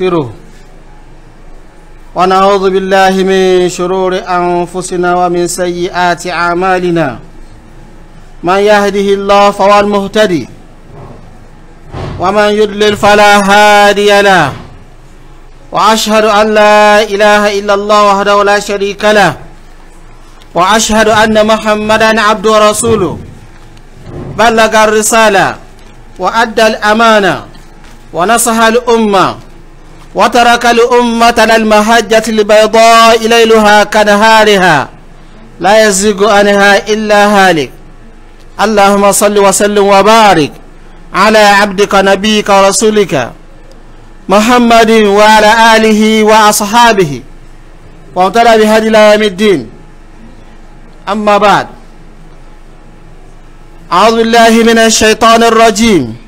نستغفره ونعوذ بالله من شرور أنفسنا ومن سيئات أعمالنا من يهده الله فهو المهتدي ومن يضلل فلا هادي له وأشهد أن لا إله إلا الله وحده لا شريك له وأشهد أن محمدا عبد ورسوله بلغ الرسالة وأدى الأمانة ونصح الأمة وترك الأمة المهجة البيضاء ليلها كنهارها لا يزيغ عنها إلا هالك اللهم صل وسلم وبارك على عبدك نبيك ورسولك محمد وعلى آله وأصحابه وامتلا بهدي إلى يوم الدين أما بعد أعوذ بالله من الشيطان الرجيم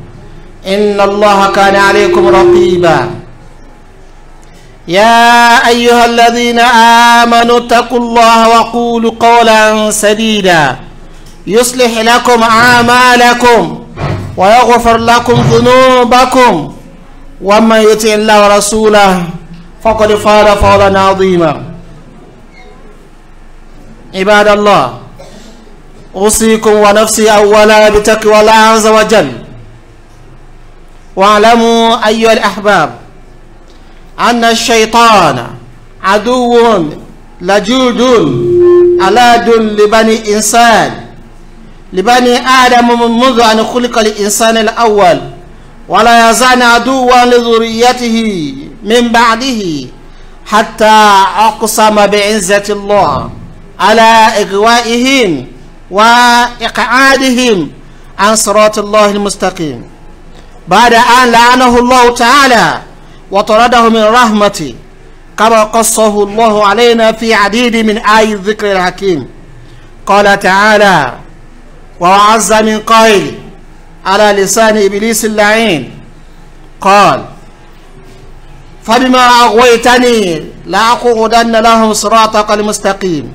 إن الله كان عليكم رقيبا يا أيها الذين آمنوا اتقوا الله وقولوا قولا سديدا يصلح لكم أعمالكم ويغفر لكم ذنوبكم ومن يطع الله ورسوله فقد فاز فوزا عظيما عباد الله أوصيكم ونفسي أولا بتقوى الله عز وجل واعلموا أيها الأحباب أن الشيطان عدو لجود ألاد لبني إنسان لبني آدم منذ أن خلق الإنسان الأول ولا يزال عدوا لذريته من بعده حتى أقسم بعزة الله على إغوائهم وإقعادهم عن صراط الله المستقيم بعد أن لعنه الله تعالى وطرده من رحمتي كما قصه الله علينا في عديد من آي الذكر الحكيم قال تعالى وعز من قائل على لسان إبليس اللعين قال فبما أغويتني لأقعدن لهم صراطك المستقيم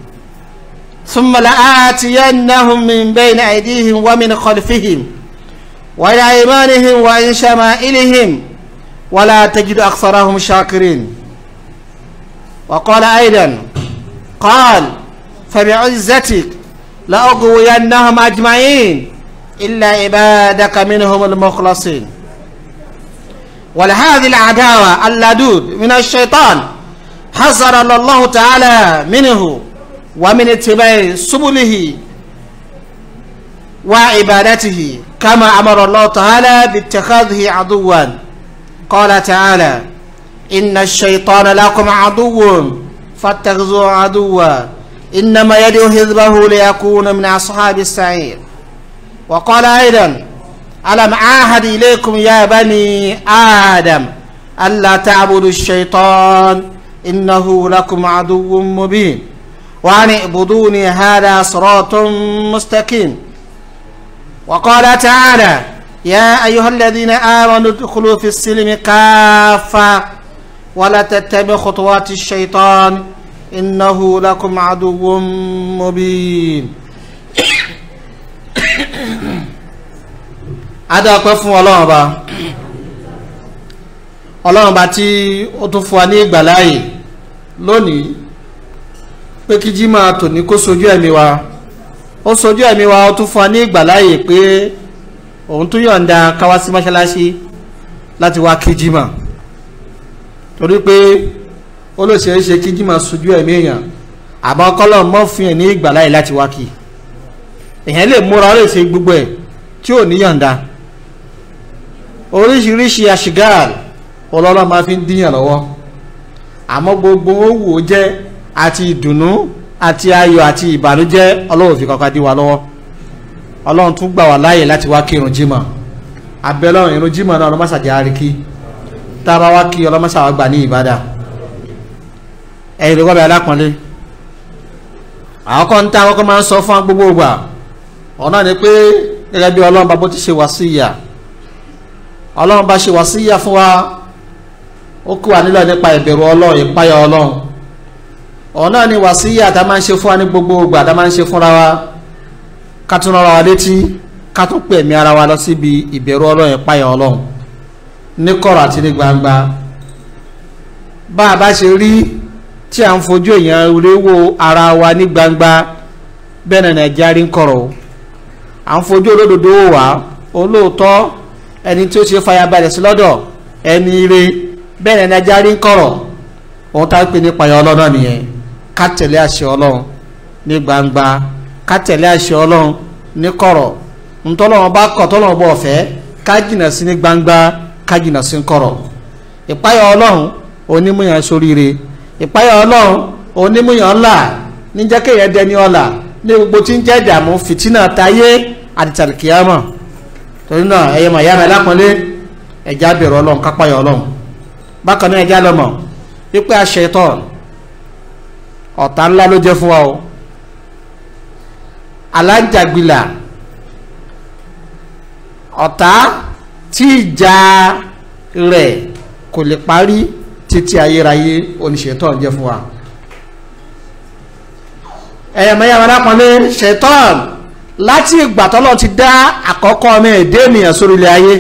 ثم لآتينهم من بين أيديهم ومن خلفهم وإلى أيمانهم وإن شمائلهم ولا تجد أكثرهم شاكرين وقال أيضا قال فبعزتك لأغوينهم أجمعين إلا عبادك منهم المخلصين ولهذه العداوة اللدود من الشيطان حذر الله تعالى منه ومن اتباع سبله وعبادته كما أمر الله تعالى باتخاذه عدوا قال تعالى إن الشيطان لكم عدو فاتخذوه عدوا إنما يدعو حزبه ليكون من أصحاب السعير وقال أيضا ألم أعهد إليكم يا بني آدم ألا تعبدوا الشيطان إنه لكم عدو مبين وأن اعبدوني هذا صراط مستقيم وقال تعالى يا أيها الذين آمنوا ادخلوا في السلم كافة ولا تتبعوا خطوات الشيطان إنه لكم عدو مبين ada ọpẹ́ fún Ọlọ́run ọba Ọlọ́run ọba tí ó tún fún wa ní ìgbàláyè lónìí pé kí jí máa tò ní kó sojú ẹ̀mí wa ó sojú ẹ̀mí wa ó tún fún wa ní ìgbàláyè pé òun tún yọ̀ǹda káwá sí mọ́ṣáláṣí láti wá kíjímà torí pé ó lè ṣe é ṣe kíjímà sojú ẹ̀mí èèyàn àmọ́ kọ́lọ̀ mọ́ fún yẹn ní ìgbàláyè láti wá kí èèyàn lè múra ó lè ṣe gbogbo ẹ̀ tí ò ní yọ̀ǹda oríṣiríṣi àṣìgáàl ọlọ́lọ́ máa fi ń díyàn lọ́wọ́ àmọ́ gbogbo ó jẹ́ àti ìdùnnú àti ayọ̀ àti ìbànújẹ́ ọlọ́run fi kankan dí wa lọ́wọ́ ọlọ́run tún gbà wá láàyè láti wá kírun jímọ̀ irun jímọ̀ náà ọlọ́mọ́sàjẹ́ àríkí tá a bá wá kí ọlọ́mọ́sàwá gbà ní ìbádà ẹ̀yìn lọ́gọ́bẹ̀ alápọ̀nlé àkọ́kọ́ ń àkọ́kọ́ máa ń sọ fún gbogbo ìgbà ọ̀nà ni pé gẹ́gẹ́ bí ọlọ́run bá bó ti ṣe ọlọ́run bá ṣe fún wa ó kú wa nílò nípa ìbẹ̀rù ọlọ́run ìpáyà ọlọ́run ọ̀nà ni wàsíyà tá a máa ń ṣe fún wa ní gbogbo ìgbà tá máa ń ṣe fúnra wa ká tún rọra wa létí ká tún pè mí ara wa lọ síbi ìbẹ̀rù ọlọ́run ìpayà ọlọ́run ní kọ̀rọ̀ àti ní gbangba bá a bá ṣe rí tí à ń fojú èèyàn léwo ara wa ní gbangba bẹ́ẹ̀ ni nàìjíríà rí ń kọ̀rọ̀ o à ń fojú olódodo wà olóòótọ́ ẹni tí ó ṣe fàyàbalẹ̀ sí lọ́dọ̀ ẹni ire bẹ́ẹ̀ ni nàìjíríà ń kọ̀rọ̀ òun tá a pè ní ìpayà ọlọ́run nìyẹn. ká tẹ̀lé àṣẹ ọlọ́run ní gbangba ká tẹ̀lé àṣẹ ọlọ́run ní kọ̀rọ̀ ntọ́lọ́run bá kọ̀ tọ́lọ́run bọ̀ fẹ́ ká jìnà sí ní gbangba ká jìnà sí kọ̀rọ̀ ìpáyà ọlọ́run onímúyàn ṣoríire ìpáyà ọlọ́run onímúyàn dẹni ní gbogbo tí ń jẹ́ ìdààmú fìtínà táyé torí náà ẹ̀yẹ mọ̀ ẹ̀já ọlọ́run kápáyà ọlọ́run bákan náà ẹ̀já lọ́mọ̀ àṣẹ ọ̀tá ńlá ló jẹ́ fún wa o alájàgbilà ọ̀tá tí ìjà rẹ̀ kò lè parí títí ayérayé oníṣètọ́ jẹ́ fún wa ẹ̀yẹ̀mẹ̀yẹ̀ arákùnrin ṣetán láti ìgbà tọ́lọ́ ti dá àkọ́kọ́ ọmọ èdè ènìyàn sórí ayé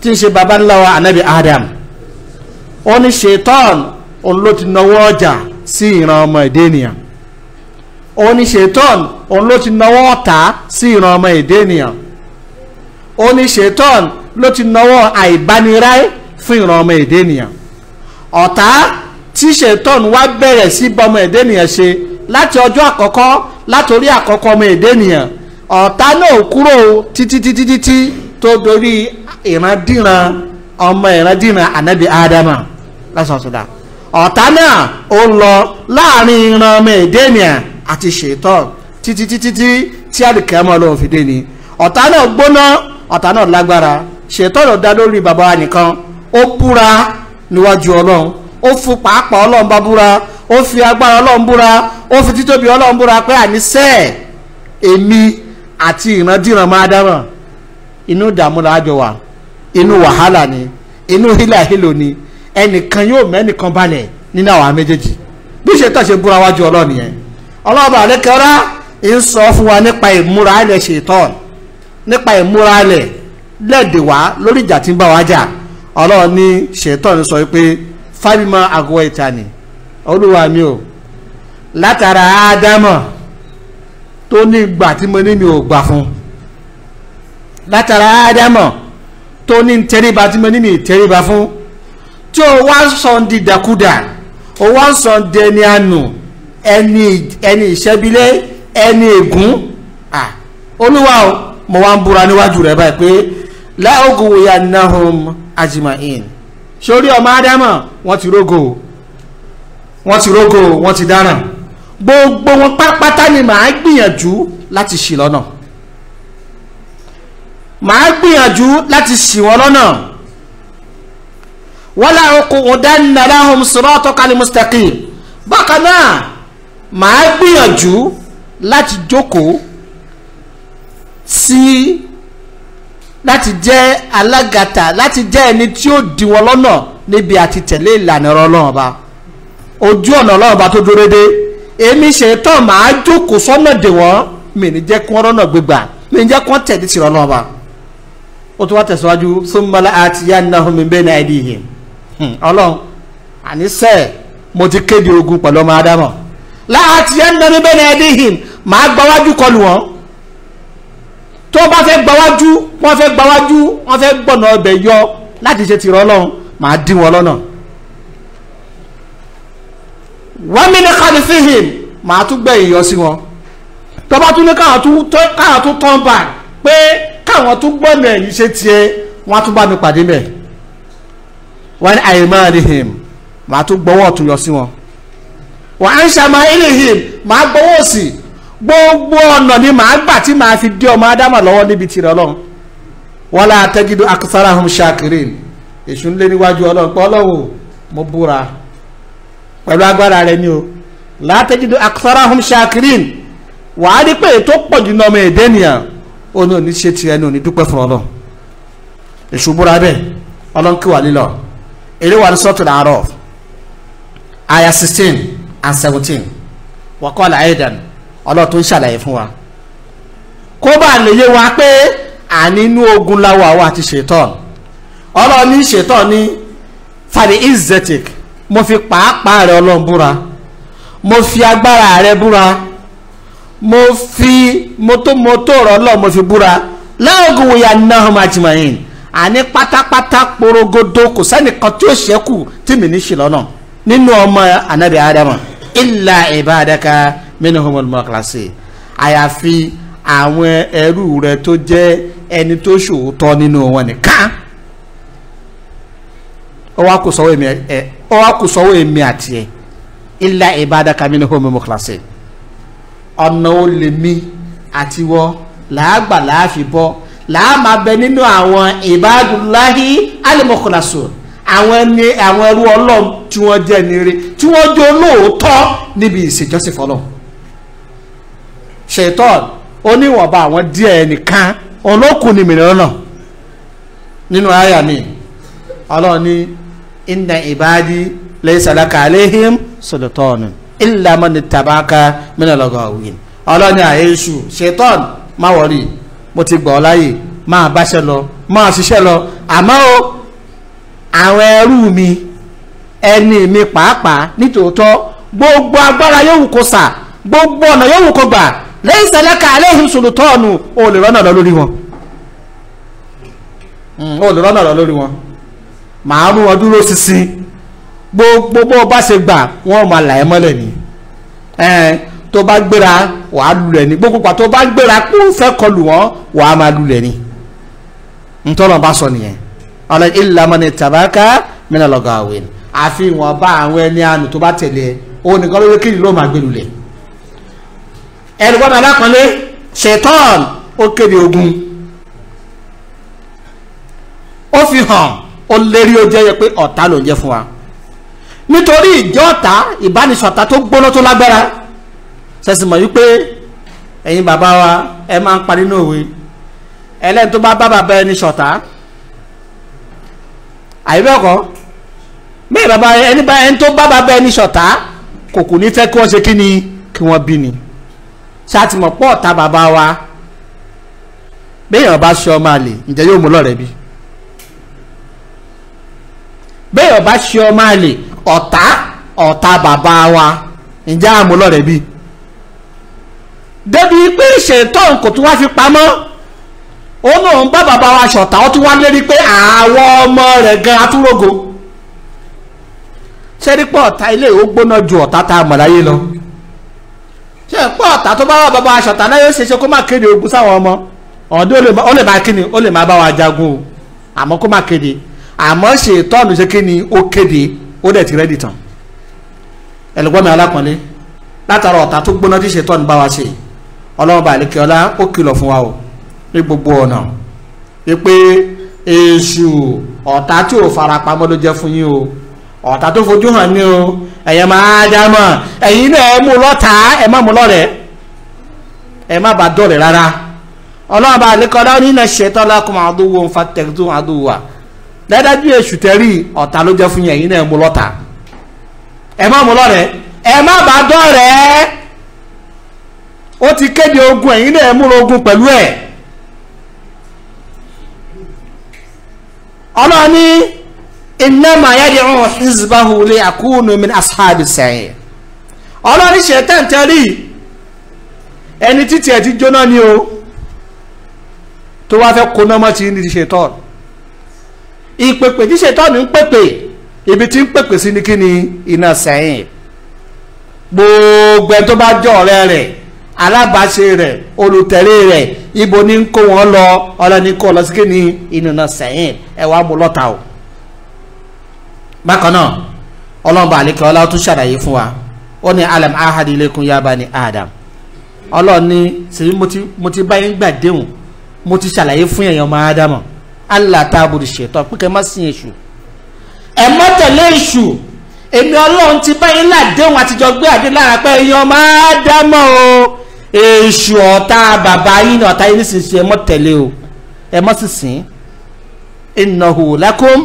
tí ń ṣe baba anabi adam ó ní ṣetán òun ló ti nọwọ́ ọjà sí ìran ọmọ èdè ènìyàn oníṣetán òun ló ti nawọ́ ọ̀tá sí ìran ọmọ èdè ènìyàn oníṣetán ló ti nawọ́ àìbániráyé fún ìran ọmọ èdè ènìyàn ọ̀tá tí ṣetán wá bẹ̀rẹ̀ sí bọmọ èdè ènìyàn ṣe láti ọjọ́ àkọ́kọ́ látòrí àkọ́kọ́ ọmọ èdè ènìyàn ọ̀tá náà kúrò títí títí títí tó dorí ìrandíran ọmọ ìrandíran ànábì ádámà lásán sọdá. So ọ̀tá náà ó ń lọ láàrin ìran ọmọ èdè ènìyàn àti ṣètọ́ títí títí tí tí àdìkẹ́mọ́ ló fi dé ni ọ̀tá náà gbóná ọ̀tá náà lágbára ṣètọ́ ló dá lórí bàbá wa nìkan ó búra níwájú ọlọ́run ó fún pàápàá ọlọ́run bá búra ó fi agbára ọlọ́run búra ó fi títóbi ọlọ́run búra pé àníṣẹ́ èmi àti ìrandíran máa dáràn inú ìdààmú làájọ wà inú wàhálà ni inú hílàhílò ni ẹnìkan yóò mẹ́nìkan balẹ̀ nínú àwọn méjèèjì bí ṣe tàṣe búra wájú ọlọ́ọ̀ni yẹn ọlọ́ọ̀bà àlékẹ́rá ń sọ fún wa nípa ìmúra alẹ̀ ṣètọ́n nípa ìmúra alẹ̀ lẹ́ẹ̀dẹ̀ wá lórí ìjà tí ń bá wa jà ọlọ́ọ̀ni ṣètọ́n sọ pé fábímọ àgọ́ ìtàní olúwa mi ò látara ádámọ̀ tó ní ìgbà tí mo ní mi ò gbà fún látara ádámọ̀ tó ní ìtẹríba tí mo ní mi ìtẹríba fún tí o wá sọ di dàkúdà o wá sọ di ẹni àánú ẹni ẹni ìṣẹ́bílẹ̀ ẹni ègún olúwa o mo wá ń búra níwájú rẹ báyìí pé láògùn wòyà nahum ajimahin sórí ọmọ ádámọ̀ wọ́n ti rógò wọ́n ti rógò wọ́n ti dáràn gbogbo wọn pátápátá ni màá gbìyànjú láti ṣì lọ́nà màá gbìyànjú láti ṣì wọ́n lọ́nà wala uqudanna lahum siratakal mustaqim bákan náà màá gbìyànjú láti jókòó sí láti jẹ́ alágàtà láti jẹ́ ẹni tí ó dì wọ́n lọ́nà níbi àti tẹ̀lé ìlànà Ọlọ́run Ọba ojú ọ̀nà Ọlọ́run Ọba tó dúró dé èmi ṣètò màá jókòó sọ́nà dè wọ́n mi ní jẹ́ kí wọ́n rọ́nà gbégbà mi ní jẹ́ kí wọ́n tẹ̀lé tìrọ̀ Ọlọ́run Ọba ó tún wá tẹ̀síwájú summa la'atiyannahum min bayni aydihim Hmm, ọlọ́run àníṣe mo ti kéde ogun pẹ̀lú ọmọ ádámọ̀ láti ẹ̀ ń dẹ́nu bẹ́ẹ̀ ẹ̀dí him màá gbáwájú kọlù wọn tó bá fẹ́ gbáwájú wọ́n fẹ́ gbáwájú wọ́n fẹ́ gbọ̀nà ọbẹ̀ yọ láti ṣe tìrọ ọlọ́run màá dín wọn lọ́nà wọ́n mi ní kàlífìhìn màá tún gbẹ̀yìn yọ sí wọn tọba tún ní káwọn tún tán bá pé káwọn tún gbọ́nà ẹ̀yìn ṣe tiẹ̀ wọ́n á tún bá mi pàdé mẹ́ẹ̀ wọ́n ní aymanihim màá tún gbọ́wọ́ ọ̀tún yọ sí wọn wọ́n á ń shamailihim màá gbọ́wọ́ òsì gbogbo ọ̀nà ni màá gbà tí màá fi dé ọmọ ádámà lọ́wọ́ níbi tirẹ̀ ọlọ́run wala tajidu aktharahum shakirin èṣù ń lé níwájú ọlọ́run pé ọlọ́run mo búra pẹ̀lú agbára rẹ ni o la tajidu aktharahum shakirin wàá rí pé ètò pọ̀jù náà ọmọ èdè nìyàn ó ní oníṣe tiẹ̀ ní onídúpẹ́ fún ọlọ́run èṣù búra bẹ́ẹ̀ ọlọ́run kí wà lílọ́ọ̀ ele wa suratul araf aya 16 and 17 wakola aidan ọlọ́run tó ń ṣàlàyé fún wa kó bá lè yé wa pé ànínú ogun láwa wa ti ṣètọ́n ọlọ́run ní ṣètọ́n ní fàdí izzetik mo fi pàápàá rẹ ọlọ́run búra mo fi agbára rẹ búra mo fi mọ́tòmọ́tò rọ ọlọ́run mo fi búra la ughwiyannahum ajma'in àní pátápátá porogodo kò sẹ́nìkan tí ó ṣẹ́kù tí mi ní ṣe lọ́nà nínú ọmọ anabi adama illa ibadaka minhumul mukhlasin àyàfi àwọn ẹrú rẹ tó jẹ́ ẹni tó ṣòótọ́ nínú wọn nìkan ó wá kó sọ́wọ́ èmi àti ẹ illa ibadaka minhumul mukhlasin ọ̀nà ó lè mi àtiwọ́ làágbà làá fi bọ́ làá máa bẹ nínú àwọn ìbádùláhì alimọ̀kọ̀lásù àwọn ẹni àwọn ẹrú ọlọ́run tí wọ́n jẹ́ nire tí wọ́n jẹ́ olóòótọ́ níbi ìṣèjọ́sìn fọlọ́ ṣètọ́n oníwọ̀nba àwọn díẹ̀ nìkan olókùn ni mìíràn náà nínú àyà mi ọlọ́run ní inna ìbádí lẹ́sàlákà aléhìm sọ̀dọ̀tọ́ọ̀nù ìlàmọ́ni tàbákà mìíràn lọ́gọ̀ ọlọ́run ní àyè ṣù ṣètọ́n máwọ̀rí mo ti gbọ́ láyè máa báṣẹ́ lọ máa ṣiṣẹ́ lọ àmọ́ o àwọn ẹrú mi ẹni mi pàápàá nítòótọ́ gbogbo agbára yóò kó sà gbogbo ọ̀nà yóò kó gbà lẹ́yìn sẹ́lẹ́kà aléhùn sòlùtọ́ọ̀nù o lè rọ́nà lọ lórí wọn hmm, o lè rọ́nà lọ lórí wọn màá mú wọn dúró ṣinṣin gbogbo bó bá ṣe gbà wọn ò máa là ẹ́ mọ́lẹ̀ ni tó bá gbéra wà á lulẹ̀ ni gbogbo pa tó bá gbéra kó fẹ́ kọlù wọn wà máa lulẹ̀ ni ntọ́nà bá sọ nìyẹn ọ̀la illa man tabaka mina lagawin àfihàn bá àwọn ẹni àánú tó bá tẹ̀lé òun nìkan ló yẹ kí ni ló máa gbé lulẹ̀ ẹnìkan alákànlé ṣetán ó kéde ogun ó fi hàn ó lérí ó jẹ́ pé ọ̀tá ló ń jẹ́ fún wa nítorí ìjọ́ta ìbánisọ̀tá tó gbóná tó lágbára sẹ́sìn mọ̀ wípé ẹ̀yin bàbá wa ẹ máa ń parí ní òwe ẹlẹ́ni tó bá bá bàbá ẹni ṣọ̀tá àyíbẹ̀kọ́ bẹ́ẹ̀ bàbá ẹni bá ẹni tó bá bàbá ẹni ṣọ̀tá kò kò ní fẹ́ kí wọ́n ṣe kí ni kí wọ́n bí ni ṣáàtìmọ̀ pọ̀ ọ̀tá bàbá wa béèyàn bá ṣe ọmọ àlè ǹjẹ́ yóò mú lọ́rẹ̀ bí béèyàn bá ṣe ọmọ àlè ọ̀tá ọ̀tá bàbá wa ǹjẹ́ àmúlọ̀rẹ̀ bíi débi pé ṣètọ́n kò tún wá fi pamọ́ ó náà ń bá bàbá wa ṣọ̀tá ó tún wá lérí pé àwọn ọmọ rẹ̀ gan atúrógo ṣẹ́rípọ̀ ọ̀tá ilé ò gbóná ju ọ̀tá tá a mọ̀ láyé lọ ṣe pọ̀ ọ̀tá tó bá wà bàbá wa ṣọ̀tá náà yóò ṣe ṣe kó má kéde ogun sáwọn ọmọ ọ̀dọ́ ó lè máa kíni ó lè máa bá wa jagun o àmọ́ kó má kéde àmọ́ ṣètọ́nù ṣe kíni ó kéde ó dẹ̀ ti rẹ́dì tán ẹ̀lẹ́gbọ́n mi alákànlé látara ọ̀tá tó gbóná tí ṣètọ́nù bá wa ṣe ọlọ́run ó kìlọ̀ fún wa o ní gbogbo ọ̀nà wípé èṣù ọ̀tá tí ò farapamọ́ ló jẹ́ fún yín o ọ̀tá tó fojú hàn ní o ẹ̀yẹ máa dá mọ̀ ẹ̀yin náà ẹ mú lọ́ta má mú lọ́rẹ̀ má bàa dọ̀rẹ̀ rárá ní iná dájú èṣù tẹ́rì ọ̀tá fún yín ẹ̀yin náà mú lọ́ta má mú lọ́rẹ̀ ó ti kéde ogun ẹ̀yin náà múra ogun pẹ̀lú ẹ̀ ọlọ́run ní ọlọ́run ṣe tẹ̀ǹtẹ̀rì ẹni títí ẹ̀ ti jóná ni o tó wá fẹ́ kóná mọ́ ti ní ti ṣe tọ́ọ̀nù ìpèpè ibi tí ń pèpè sí ni kí iná sẹ́yìn gbogbo ẹ̀ tó bá jọ ọ̀rẹ́ alábàáṣe rẹ̀ olùtẹ̀lé rẹ̀ ibo ní ń kó wọn lọ ọlọ́ni kó lọ sí kíni ìnùnà sẹ́yìn ẹ wàá mú lọ́ta o. bákan náà ọlọ́mọba àlekẹ́ ọlá tún ṣàlàyé fún wa ó ní alam ahadi lẹ́kùn yaba ni adam ọlọ́ni sèmi mo ti bá yín gbàdéhùn mo ti ṣàlàyé fún èèyàn ọmọ ádámọ̀ allah ta'budu ṣètọ́ pé kẹ́ ẹ má sìn èṣù ẹ má tẹ̀lé èṣù èmi ọlọ́run ti bá yín ládéhùn àtijọ́ gbé àdé lára pé èèyàn ọmọ ádámọ̀ o èṣù ọ̀tá bàbá yín ní ọ̀tá yín nísinsìnyí ẹ mọ́ tẹ̀lé o ẹ mọ́ sísìn innahu lakum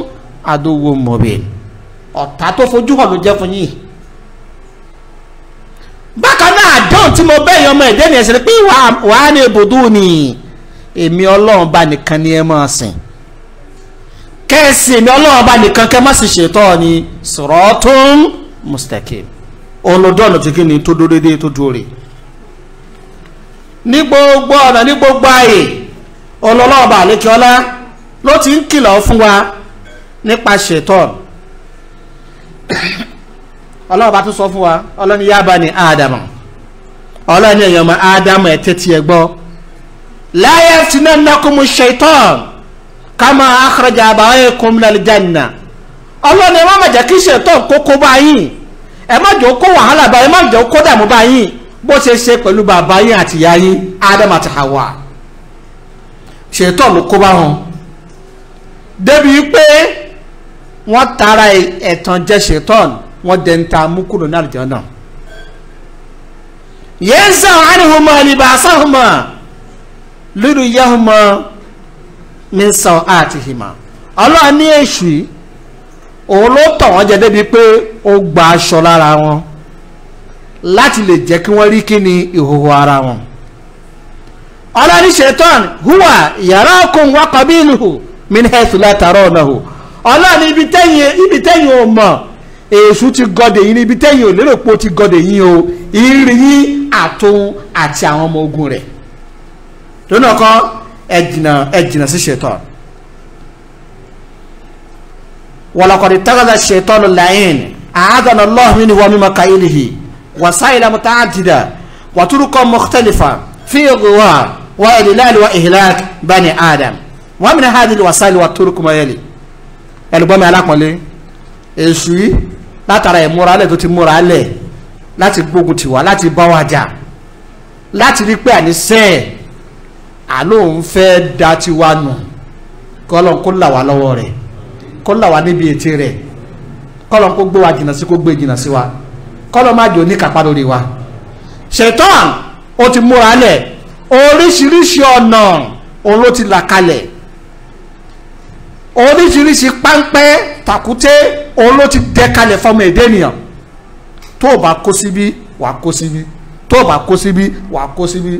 adowó mọ̀bẹ ọ̀tá tó fojú hàn ló jẹ́ fún yín bákan náà àdéhùn tí mo bẹ́yìn ọmọ ẹ̀dẹ́ nìyẹn ṣẹlẹ̀ pé wàá ní ibùdó ni èmi ọlọ́run bá nìkan ni ẹ máa sìn kẹ́sì èmi ọlọ́run bá nìkan kẹ́ má sì ṣètọ́ ni siratun mustaqim olùdó ọ̀nà tí kí tó dúró déédéé tó dúró ní gbogbo ọ̀nà ní gbogbo ààyè ọlọ́lọ́ọ̀bà àlékiọlá ló ti ń kìlọ̀ fún wa nípa ṣètọ́n ọlọ́ọ̀bà tún sọ fún wa ọlọ́ni yába ni ádámù ọlọ́ni èèyàn mọ ádámù ẹ̀ tẹ́tí ẹ gbọ́ láyé sinẹ́ nàkùnmù ṣètọ́n kama akhraja abawakum minal janna ọlọ́ni ẹ má má jẹ́ kí ṣètọ́n kókó bá yín má jẹ́ kó wàhálà bá yín má jẹ́ kó dààmú bá bó ṣe ṣe pẹ̀lú bàbá yín àti ìyá yín Adam àti Hawa ṣètọ́ ló kó bá wọn débi pé wọ́n tara ẹ̀tàn jẹ ṣètọ́n wọ́n dẹ̀ ń ta mú kúrò náà lùjọ́ náà yẹn sàn ánìhùnmọ́ àlìbàṣàhùnmọ́ lórí yahùnmọ́ ní sàn àtìhìmọ́ ọlọ́run ní èṣù òun ló tọ̀ wọ́n jẹ débi pé ó gba aṣọ lára wọn láti lè jẹ́ kí wọ́n rí kí ni ìhòhò ara wọn. ọlọ́ni ṣetán huwa yaraakum wa qabiluhu min haythu la tarawnahu ọlọ́ni ibi tẹ́yìn ibi tẹ́yìn ò mọ̀ èṣù ti gọdẹ̀ yín ibi tẹ́yìn ò lérò pé ó ti gọdẹ̀ yín o ìrì yín àtòun àti àwọn ọmọ ogun rẹ̀ lónà kan ẹ jìnnà ẹ jìnnà sí ṣetán. wa laqad ittakhadha ash-shaytanu la'inan a'adhana Allahu minhu wa min makaydihi وسائل متعددة وطرق مختلفة في إغواء وإذلال وإهلاك بني آدم ومن هذه الوسائل والطرق ما يلي ẹlùgbọ́n mi alápọ̀nlé èṣù yìí látara ìmúra alẹ́ tó ti múra alẹ́ láti gbógun tiwa láti bá wa jà láti rí pé àníṣe àlóhùn fẹ́ da tiwa nù kọ́lọ̀ kó là wá lọ́wọ́ rẹ̀ kó là wá níbi ètè rẹ̀ kọ́lọ̀ kó gbé wa jìnnà sí kó gbé jìnnà sí wa kọ́lọ́ má jò ní kápá lórí wa ṣètọ́n ó ti múra lẹ̀ oríṣiríṣi ọ̀nà òun ló ti là kalẹ̀ oríṣiríṣi páńpẹ́ tàkúté òun ló ti dẹ kalẹ̀ fọmọ èdè ènìyàn tó o bá kó síbí wàá kó síbí tó o bá kó síbí wàá kó síbí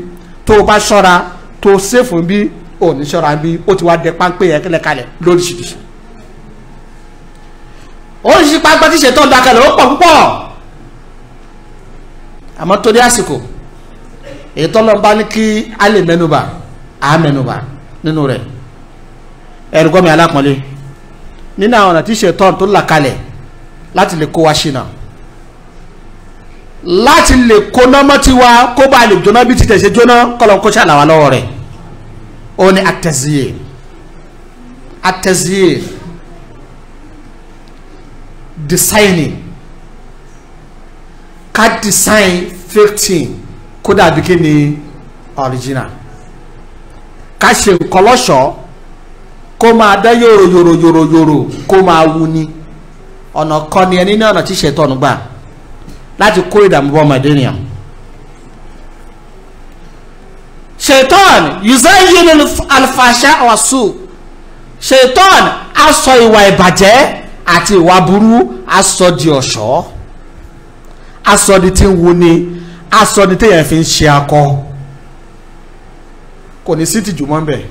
tó o bá ṣọ́ra tó o ṣèfún bí ò ní ṣọ́ra bí ó ti wá dẹ páńpẹ́ yẹn kẹlẹ̀ kalẹ̀ lóríṣiríṣi oríṣiríṣi páńpẹ́ tí ṣètọ́n dá ó pọ̀ púpọ̀ àmọ́ torí àsìkò èyí tọ́lọ́ bá ní kí a lè mẹ́nuba a mẹ́nuba nínú rẹ̀ ẹ̀rùgọ́ mi alápọ̀nlé nínú àwọn ọ̀nà tí ṣètọ́n tó là kalẹ̀ láti lè kó wa ṣìnà láti lè kó nọ́mọ́ tiwa kó bá lè jóná bí títẹ̀ ṣe jóná kọ́lọ́ kó ṣàlàwà lọ́wọ́ rẹ̀ ó ní àtẹ̀síyè àtẹ̀síyè designing ká design fifteen kó dàbí kí ni original ká ṣe nǹkan lọ́ṣọ̀ọ́ kó máa dá yòrò yòrò yòrò yòrò kó máa wu ni ọ̀nà kan ni ẹni ní ọ̀nà tí ṣètò ọ̀nà gbà láti kó ìdààmú bọ́ ọmọdé nìyẹn. ṣètọ́n yuzayin alfasha wasu ṣètọ́n aṣọ ìwà ìbàjẹ́ àti ìwà burú aṣọ di ọ̀ṣọ́ aṣọ ni tí ń wo ni aṣọ ni téèyàn fi ń ṣe akọ kò ní sí tìjú mọ́ bẹ́ẹ̀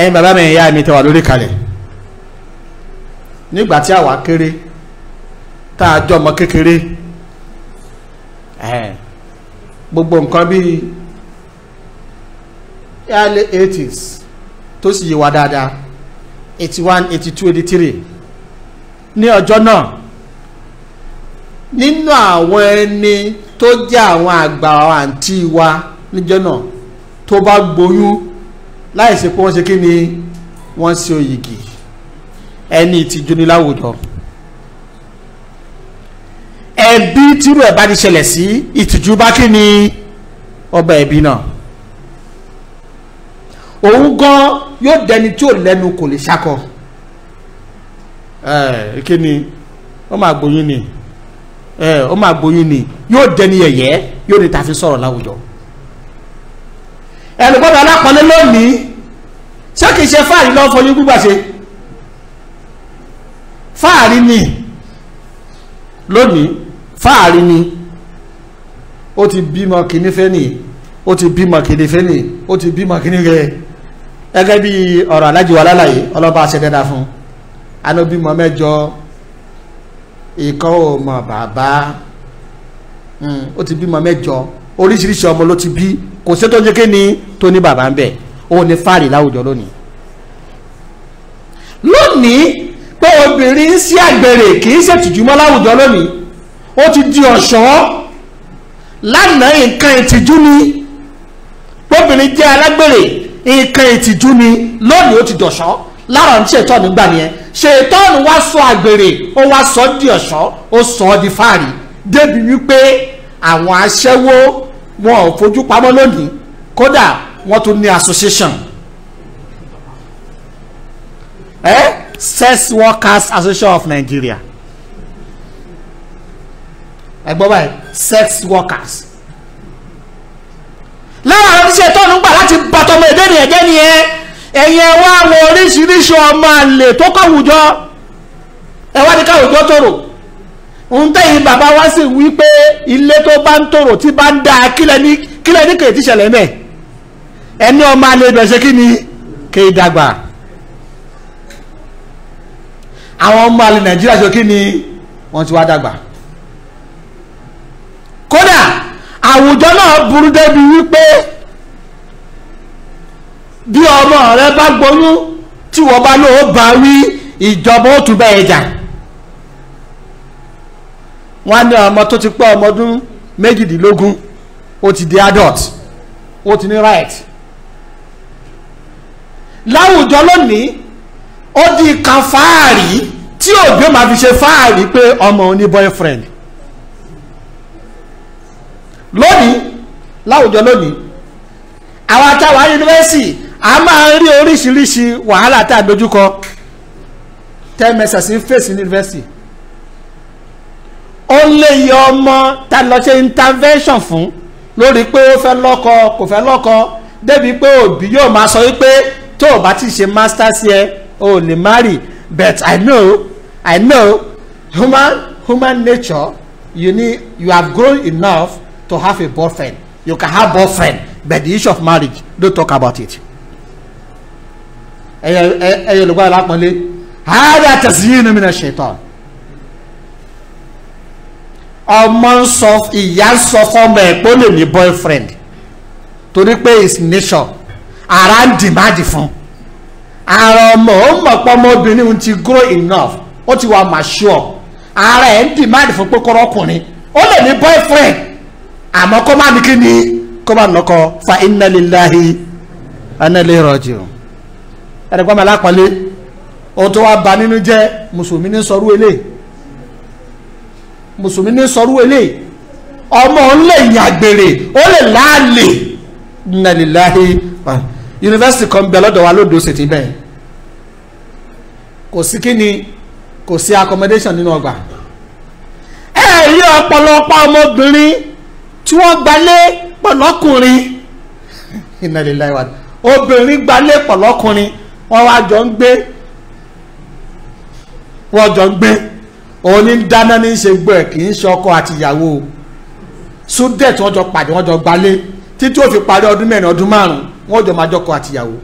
ẹ̀yin bàbá mi ìyá mi tẹ́ wà lórí kalẹ̀ nígbà tí àwa kéré tá a jọ ọmọ kékeré gbogbo nǹkan bíi early eighties tó sì yé wa dáadáa eighty one eighty two eighty three ní ọjọ́ náà nínú àwọn ẹni tó jẹ́ àwọn àgbà àǹtí wa níjọ́ náà tó bá gboyún láì ṣe pé wọ́n ṣe kí ni wọ́n ṣe òyìgì ẹni ìtìjú ní láwùjọ ẹbí tírú ẹ̀ bá ti ṣẹlẹ̀ sí ìtìjú bá kí ni ọba ẹbí náà òun gan yóò dẹni tí ò lẹ́nu kò lè ṣakọ ẹ kí ni wọ́n máa gboyún ni ẹ o máa gboyún ni yóò dẹni yẹ̀yẹ́ yóò ní tàfi sọ̀rọ̀ láwùjọ ẹnìgbọ́dọ̀ alápọ̀lé lónìí ṣé kìí ṣe fáàrí lọ́ọ́ fọyín gbígbà ṣe fáàrí ni lónìí fáàrí ni ó ti bímọ kìíní fẹ́ nìyí ó ti bímọ kìíní fẹ́ nìyí ó ti bímọ kìíní rẹ̀ gẹ́gẹ́ bí ọ̀rọ̀ alájùwà lálàyé ọlọ́ba ṣẹ̀dẹ̀dà fún un anobímọ ìkan ò mọ bàbá hmm, ó ti bímọ mẹ́jọ oríṣiríṣi ọmọ ló ti bí kò sí tó ń jẹ kí ni tó ní bàbá ń bẹ òun ni fáàrí láwùjọ lónìí lónìí pé obìnrin ń sí àgbèrè kì í ṣètìjú mọ́ láwùjọ lónìí ó ti di ọ̀ṣọ́ lánàá nǹkan ìtìjú ni obìnrin jẹ́ alágbèrè nǹkan ìtìjú ni lónìí ó ti dọ̀ṣọ́ lára ṣe tọ́nu gbà nìyẹn ṣe tọ́nu wá sọ àgbèrè ó wá sọ di ọ̀ṣọ́ ó sọ di fáàrí débi wípé àwọn aṣẹ́wó wọn ò fojú pamọ́ lónìí kódà wọ́n tún ní association eh? sex workers association of Nigeria ẹ báyìí sex workers lára ṣe tọ́nu gbà láti bàtọ́mọ èdè nìyẹn jẹ́ nìyẹn. ẹ̀yin ẹ̀wọ́ àwọn oríṣiríṣi ọmọ àlè tó kọ̀wùjọ ẹ̀wọ́ ni káwùjọ tòrò ń tẹ̀yìn bàbá wa sì wí pé ilé tó bá ń tòrò tí bá ń dáa kílẹ̀ ní kèétí ṣẹlẹ̀ mẹ́ ẹni ọmọ àlè ibẹ̀ kí ni kéé dàgbà àwọn ọmọ àlè nàìjíríà ṣe kí ni wọ́n ti wá dàgbà kódà àwùjọ náà burú débi wípé bí ọmọ rẹ bá gbóyún tí wọ́n bá lóò bá wí ìjọba ó tún bẹ́ẹ̀ jà wọ́n ní ọmọ tó ti pé ọmọ ọdún méjìdínlógún ó ti di adult ó ti ní right láwùjọ lónìí ó di kan fáàrí tí òbí máa fi ṣe fáàrí pé ọmọ oní boyfriend lónìí láwùjọ lónìí àwọn atáwọn yunifásitì a máa rí oríṣiríṣi wàhálà tá a dojúkọ tẹ́mẹsàs ń fèsì yunifásitì ó lè yọ ọmọ tá a lọ ṣe intervention fún lórí pé ó fẹ́ lọ́kọ kò fẹ́ lọ́kọ débi pé òbí yóò máa sọ wípé tó o bá ti ṣe masters yẹ o ò lè marry but I know I know human human nature you need you have grown enough to have a boyfriend you can have boyfriend but the issue of marriage don't talk about it ẹyẹ olùgbà lápọ̀lé ààrẹ àtẹ̀síyìn inú mi náà ṣètọ́ ọmọ ń sọ ìyá ń sọ fọmọ ẹ̀ pé ó lè ní boyfriend torí pé it's nature ara ń dìmáàdì fún ara ọmọ ó mọ̀ pọ̀ ọmọbìnrin ti grow enough ó ti wà mature ara ẹ̀ ń dìmáàdì fún pé ọkùnrin ó lè ní boyfriend àmọ́ kó má ní kí ni kó má nọkọ fa inna lillahi ana ilaihi raji'un ẹ̀rẹ̀gbọ́n mẹ́lá pọ̀lé o tó wá ba nínú jẹ́ mùsùlùmí ní sọrú elé mùsùlùmí ní sọrú elé ọmọ ń lè yàgbèrè ó lè láàlè nàlìláhi yunifásitì kan bẹ lọ́dọ̀ wa lódò sì ti bẹ́ẹ̀ kò sí kíni kò sí accommodation nínú ọgbà ẹ rí ọ̀pọ̀lọpọ̀ ọmọbìnrin tí wọ́n gbalé pọ̀lọ́kùnrin obìnrin gbalé pọ̀lọ́kùnrin wọ́n wá jọ ń gbé wọ́n jọ ń gbé òun ní dáná ní í ṣe gbọ́ ẹ̀ kì í ṣe ọkọ àtìyàwó sudet wọ́n jọ pàdé wọ́n jọ gbalé títí ó fi parí ọdún mẹ́rin ọdún márùn-ún wọ́n jọ máa jọkọ àtìyàwó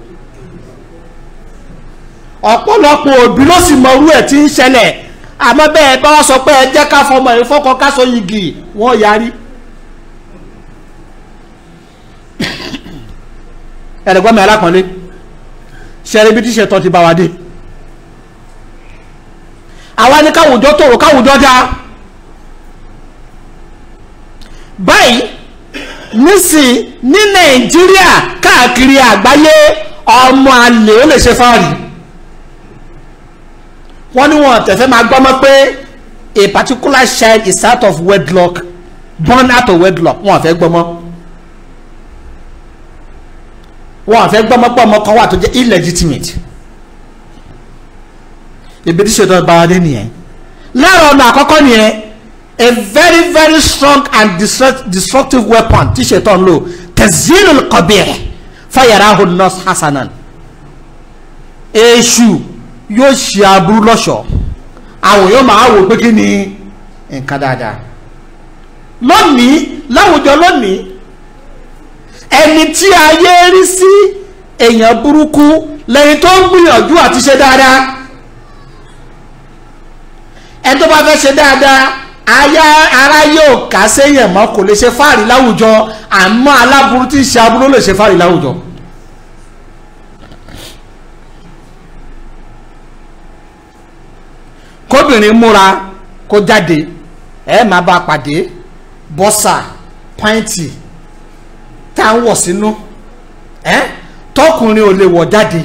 ọ̀pọ̀lọpọ̀ òbí ló sì mọ irú ẹ̀ tí ń ṣẹlẹ̀ àmọ́ bẹ́ẹ̀ bá wọ́n sọ pé ẹ jẹ́ ká fọmọ ẹ̀ fọ́kọ ká sọ yìgì wọ́n yarí ẹ̀rẹ̀gbọ́n mi alákọ̀ọ́lé ṣẹ̀rẹ̀ ibi tí ṣẹ̀tọ́ ti bá wa dé àwa ní káwùjọ tòrò káwùjọ dáa báyìí nísìn ní nàìjíríà káàkiri àgbáyé ọmọ àlè ó lè ṣe fáàrí wọ́n ní wọn tẹ̀fẹ́ máa gbọ́mọ́ pé a particular child is out of wedlock born out of wedlock wọn fẹ́ gbọ́mọ́. wọn àfẹ́ gbọ́mọpọ̀ ọmọ kan wà tó jẹ́ illegitimate ibi tí ṣètò ọba adé nìyẹn lára ọ̀nà àkọ́kọ́ nìyẹn a very very strong and destructive weapon tí ṣètò ń lò tazilul qabih fayarahu nas hasanan èṣù yóò ṣe aburú lọ́ṣọ̀ọ́ àwọn yóò máa wò pé kí ni nǹkan dáadáa lónìí láwùjọ lónìí ẹni tí ayé rí sí èèyàn burúkú lẹ́yìn tó ń gbìyànjú àti ṣe dáadáa ẹni tó bá fẹ́ ṣe dáadáa aya ara yóò kà séyàn mọ́ kò lè ṣe fáàrí láwùjọ àmọ́ aláburú tí ń ṣe aburú lè ṣe fáàrí láwùjọ. kóbìnrin múra kó jáde ẹ máa bá pàdé bọ́sà pàǹtì tá à ń wọ̀ sínú ẹ́ tọkùnrin ò lè wọ̀ jáde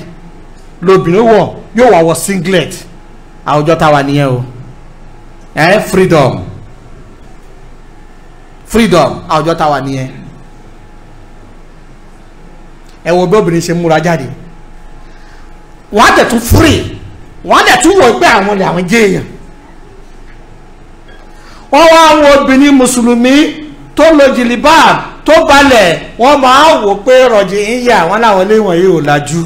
lóbìnrin wọ̀ yóò wà wọ̀ singlet àwùjọ tá a wà nìyẹn o ẹ́ freedom freedom àwùjọ tá a wà nìyẹn ẹ wo bí obìnrin ṣe múra jáde wọ́n á dẹ̀ tún free wọ́n á dẹ̀ tún wọ̀ pé àwọn làwọn jẹ́ èèyàn wọ́n wá àwọn obìnrin mùsùlùmí tó lo jìlìbáàbù tó balẹ̀ wọ́n máa wò pé rọ̀jì ń yà wọ́n láwọn ilé wọ̀nyí ò lajú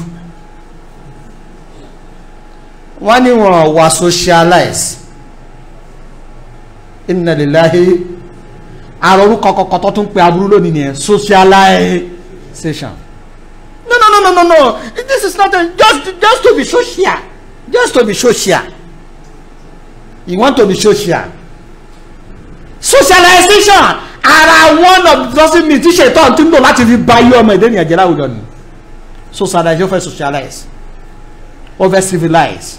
wọ́n ní wọ́n wà socialize inna lillahi àrò orúkọ kọkọ tó tún pe aburú lónìí nìyẹn socialization no no no no no no this is not a, just just to be social just to be social you want to be social socialization ara one of dozen mi ti ṣètò ti ń lò láti fi ba iye ọmọ ìdẹ́ni ẹ̀jẹ̀ láwùjọ ni socialize ó fẹ́ socialize ó civilize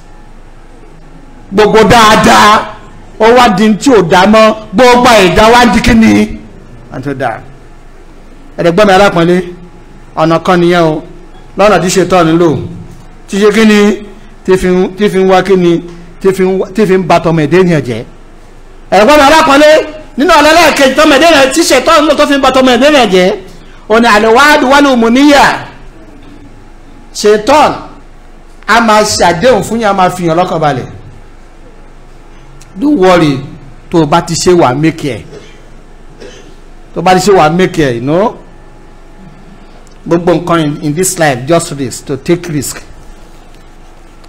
gbogbo dáadáa ó wá di tí ò dá mọ́ gbogbo ìdá wá di kí ni àti ó dáa ẹ̀rẹ̀gbọ́n mi arákùnrin ọ̀nà kan nìyẹn o lọ́nà tí ṣètò ni lò ti ṣe kí ni tí fi ń wá kí ni tí fi ń bàtọ̀ ọmọ ìdẹ́ni ẹ̀jẹ̀ ẹ̀rẹ̀gbọ́n mi arákùnrin nínú ọlọ́lá kejì tọmọ ẹ̀dẹ́ rẹ̀ tíṣẹ̀ tọ́nà tó fi bá tọmọ ẹ̀dẹ́ rẹ̀ jẹ́ òní àlewádùú wálé òmùníyà ṣetán a máa ṣàdéhùn fún yín a máa fi hàn lọ́kàn balẹ̀ don't worry tó o bá ti ṣe wà make ẹ̀ tó o bá ti ṣe wà make ẹ̀ you know gbogbo nǹkan in this life just risk to take risk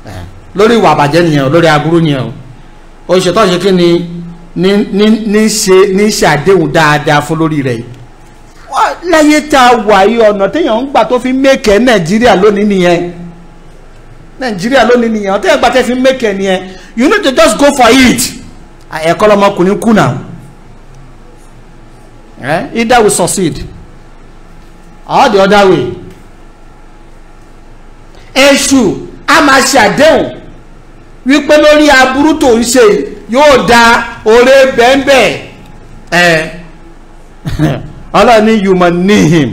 eh, lórí ìwà àbàjẹ́ nìyẹn o lórí aburú nìyẹn o o ṣetán ni ní ní ní ṣe ní ṣe àdéhùn dáadáa fún lórí rẹ̀ láyé tá a wà yí ọ̀nà téèyàn ń gbà tó fi mẹ́kẹ̀ẹ́ nàìjíríà lónìí nìyẹn nàìjíríà lónìí nìyẹn téèyàn gbà tẹ́ fi mẹ́kẹ̀ẹ́ nìyẹn you need to just go for it ẹ̀kọ́ lọmọkùnrin kù náà either we succeed or the other way èṣù a máa ṣe àdéhùn wípé lórí aburú tó ń ṣe yìí yóò da oore bẹ́ẹ̀nbẹ́ ẹ̀ ọlọ́run ní yùmọ̀ níhìm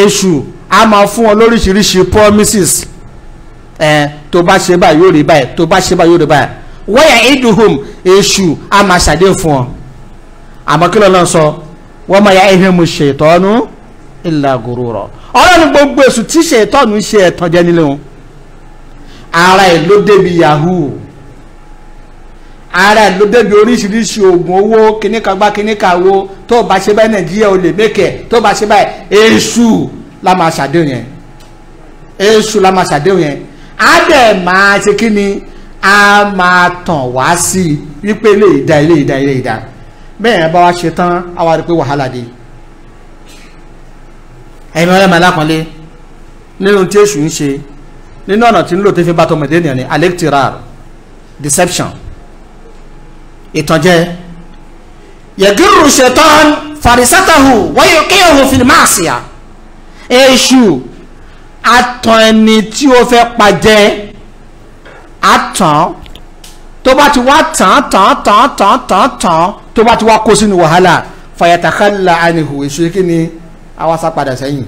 èṣù a máa fún ọ lóríṣiríṣi promises ẹ̀ tó bá ṣe báyìí yóò rí báyìí tó bá ṣe báyìí yóò rí báyìí èṣù a máa fún ya mu gbogbo èṣù tí ṣe jẹ́ ara ẹ̀ ló débi yahoo ara ẹ̀ ló débi oríṣiríṣi oògùn owó kíníkagbá kíníkàwo tó o bá ṣe báyìí nàìjíríà o lè mẹ́kẹ̀ tó o bá ṣe báyìí èṣù la máa ṣàdéhùn yẹn èṣù la máa ṣàdéhùn yẹn á dẹ̀ máa ṣe kí ni a máa tàn wá sí i wípé ilé ìdá ilé ìdá ilé ìdá bẹ́ẹ̀ yẹn bá wá ṣe tán á wá rí i pé wàhálà dé ẹ̀yin ọlọ́mọ alákànlé nínú tí èṣù ń ṣe nínú ọ̀nà tí ń lò tó fi bá tọmọdé nìyẹn ni alectoral deception ìtànjẹ yẹgírù ṣetán farisatahu wáyé kéèhùn fìlímàṣíà èṣù àtàn ẹni tí ó fẹ́ pàjẹ́ àtàn tó bá ti wá tàn tàn tàn tàn tàn tàn tó bá ti wá kó sínú wàhálà fayatakala anihu èṣù kí ni awasa padà sẹ́yìn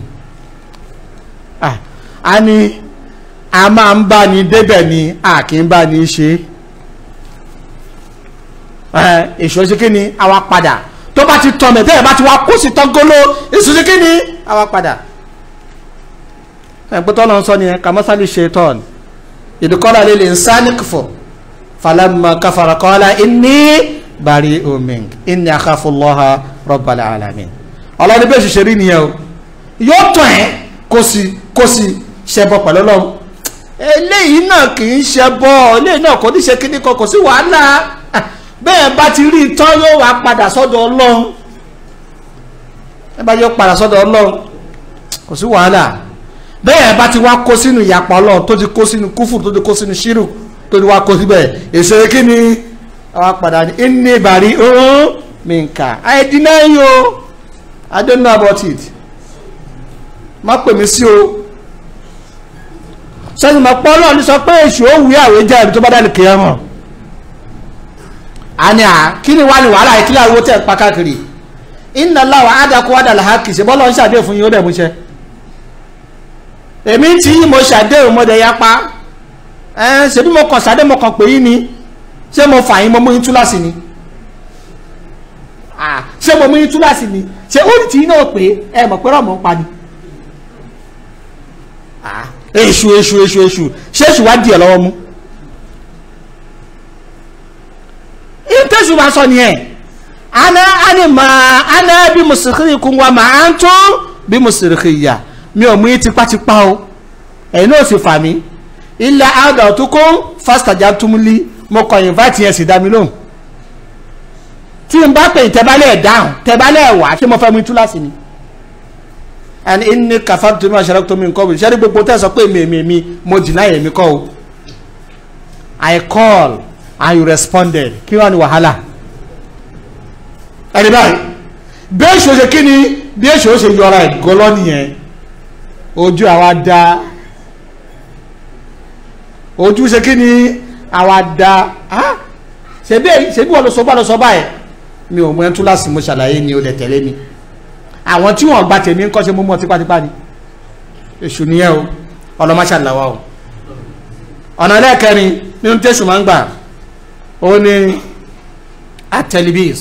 ah, a ní a máa ń bá ní débẹ̀ ni a kì í bá ní ṣe Eh, èso ṣe ni àwa padà tó bá ti tọ̀ mẹ́tẹ́ ẹ̀ bá ti wá kó sí tọ́gọ́ló èso ṣe ni àwa padà. ẹ̀gbọ́n tó lọ sọ ni kàmọ́sálì ṣe tọ́ọ̀n ìdíkọ́lá lè lè ń sá ní kùfọ̀ falama kafara kọ́lá inni bari omin inni akhafullaha rabbal alamin ọlọ́ni bẹ́ẹ̀ ṣiṣẹ́ rí nìyẹn o yóò tọ̀ ẹ́ kó sì kó sì ṣẹbọ pẹ̀lú ọlọ́run eléyìí náà kì í ṣẹbọ eléyìí náà kò ní ṣe kíní kan kò sí wàhálà bẹ́ẹ̀ bá ti rí tán yóò wá padà sọ́dọ̀ ọlọ́run ẹ bá yóò padà sọ́dọ̀ ọlọ́run kò sí wàhálà bẹ́ẹ̀ bá ti wá kó sínú ìyapa ọlọ́run tó ti kó sínú kúfùrù tó ti kó sínú ṣírù tó ti wá kó síbẹ̀ èso kí ni àwa padà ní inú ìbàrí ọ̀hún mi ń kà I deny you I don't know about it má pè mí sí o sẹ́yìn mọ̀ pọ́ ọlọ́run sọ pé èṣù ó wí àwéjáde tó bá dá ní hàn àní à kí ni wá ní wàhálà yìí kí láwo tẹ̀ pa káàkiri iná láwa ádàkú ádàlà ha kìí ṣe bọ́lá ń ṣàdéhùn fún yín ó dẹ̀ mú ṣe èmi tí mo ṣàdéhùn mo dẹ̀ ya pa ẹ ṣe bí mo kàn ṣàdé mo kàn pé yín ni ṣé mo fà yín mo mú yín túláàsì ni ṣé mo mú yín túláàsì ni ṣé ó ti yín náà pé ẹ mọ̀ pé rọ̀mọ́ ń pa ni èṣù èṣù èṣù èṣù ṣé èṣù wá di ẹ̀ lọ́wọ́ mú. ìtẹ̀sù wa sọ nìyẹn ana ani ma ana bí mùsùlùmí kún wa mà á ń tó bí mùsùlùmí yà mi ò mú yín tipátipá o ẹ̀yin náà sì fà mí ilẹ̀ àádọ́ tó kó fásitàjà túmúlí mo kàn invite yẹn sì dá mi lóhùn tí n bá pè tẹ́bálẹ̀ dáhùn tẹ́bálẹ̀ wá ṣé mo fẹ́ mú túláàsì ni and inni kafartu bima sharaktum min qabl ṣẹ́rí gbogbo tẹ́ sọ pé èmi èmi mo deny èmi kọ́ o i call and you responded kí wàá ní wàhálà ẹni báyìí bí èsì ó ṣe kí ni bí èsì ó ṣe yọra ìgọlọ nìyẹn ojú àwa da ojú ṣe kí ni àwa da ṣebí wọn lọ sọ bá lọ sọ báyìí mi ò mọ ẹni tún láti mo ṣàlàyé ni o lè tẹ̀lé mi àwọn tí wọn gba tèmi ń kọ́ ṣe mú mọ́ tipátipá ni èṣù nìyẹn o ọlọ́mọṣàlàwà o ọ̀nà ẹlẹ́ẹ̀kẹrin nínú tẹ̀sùn máa ń gbà ó ní atẹlibis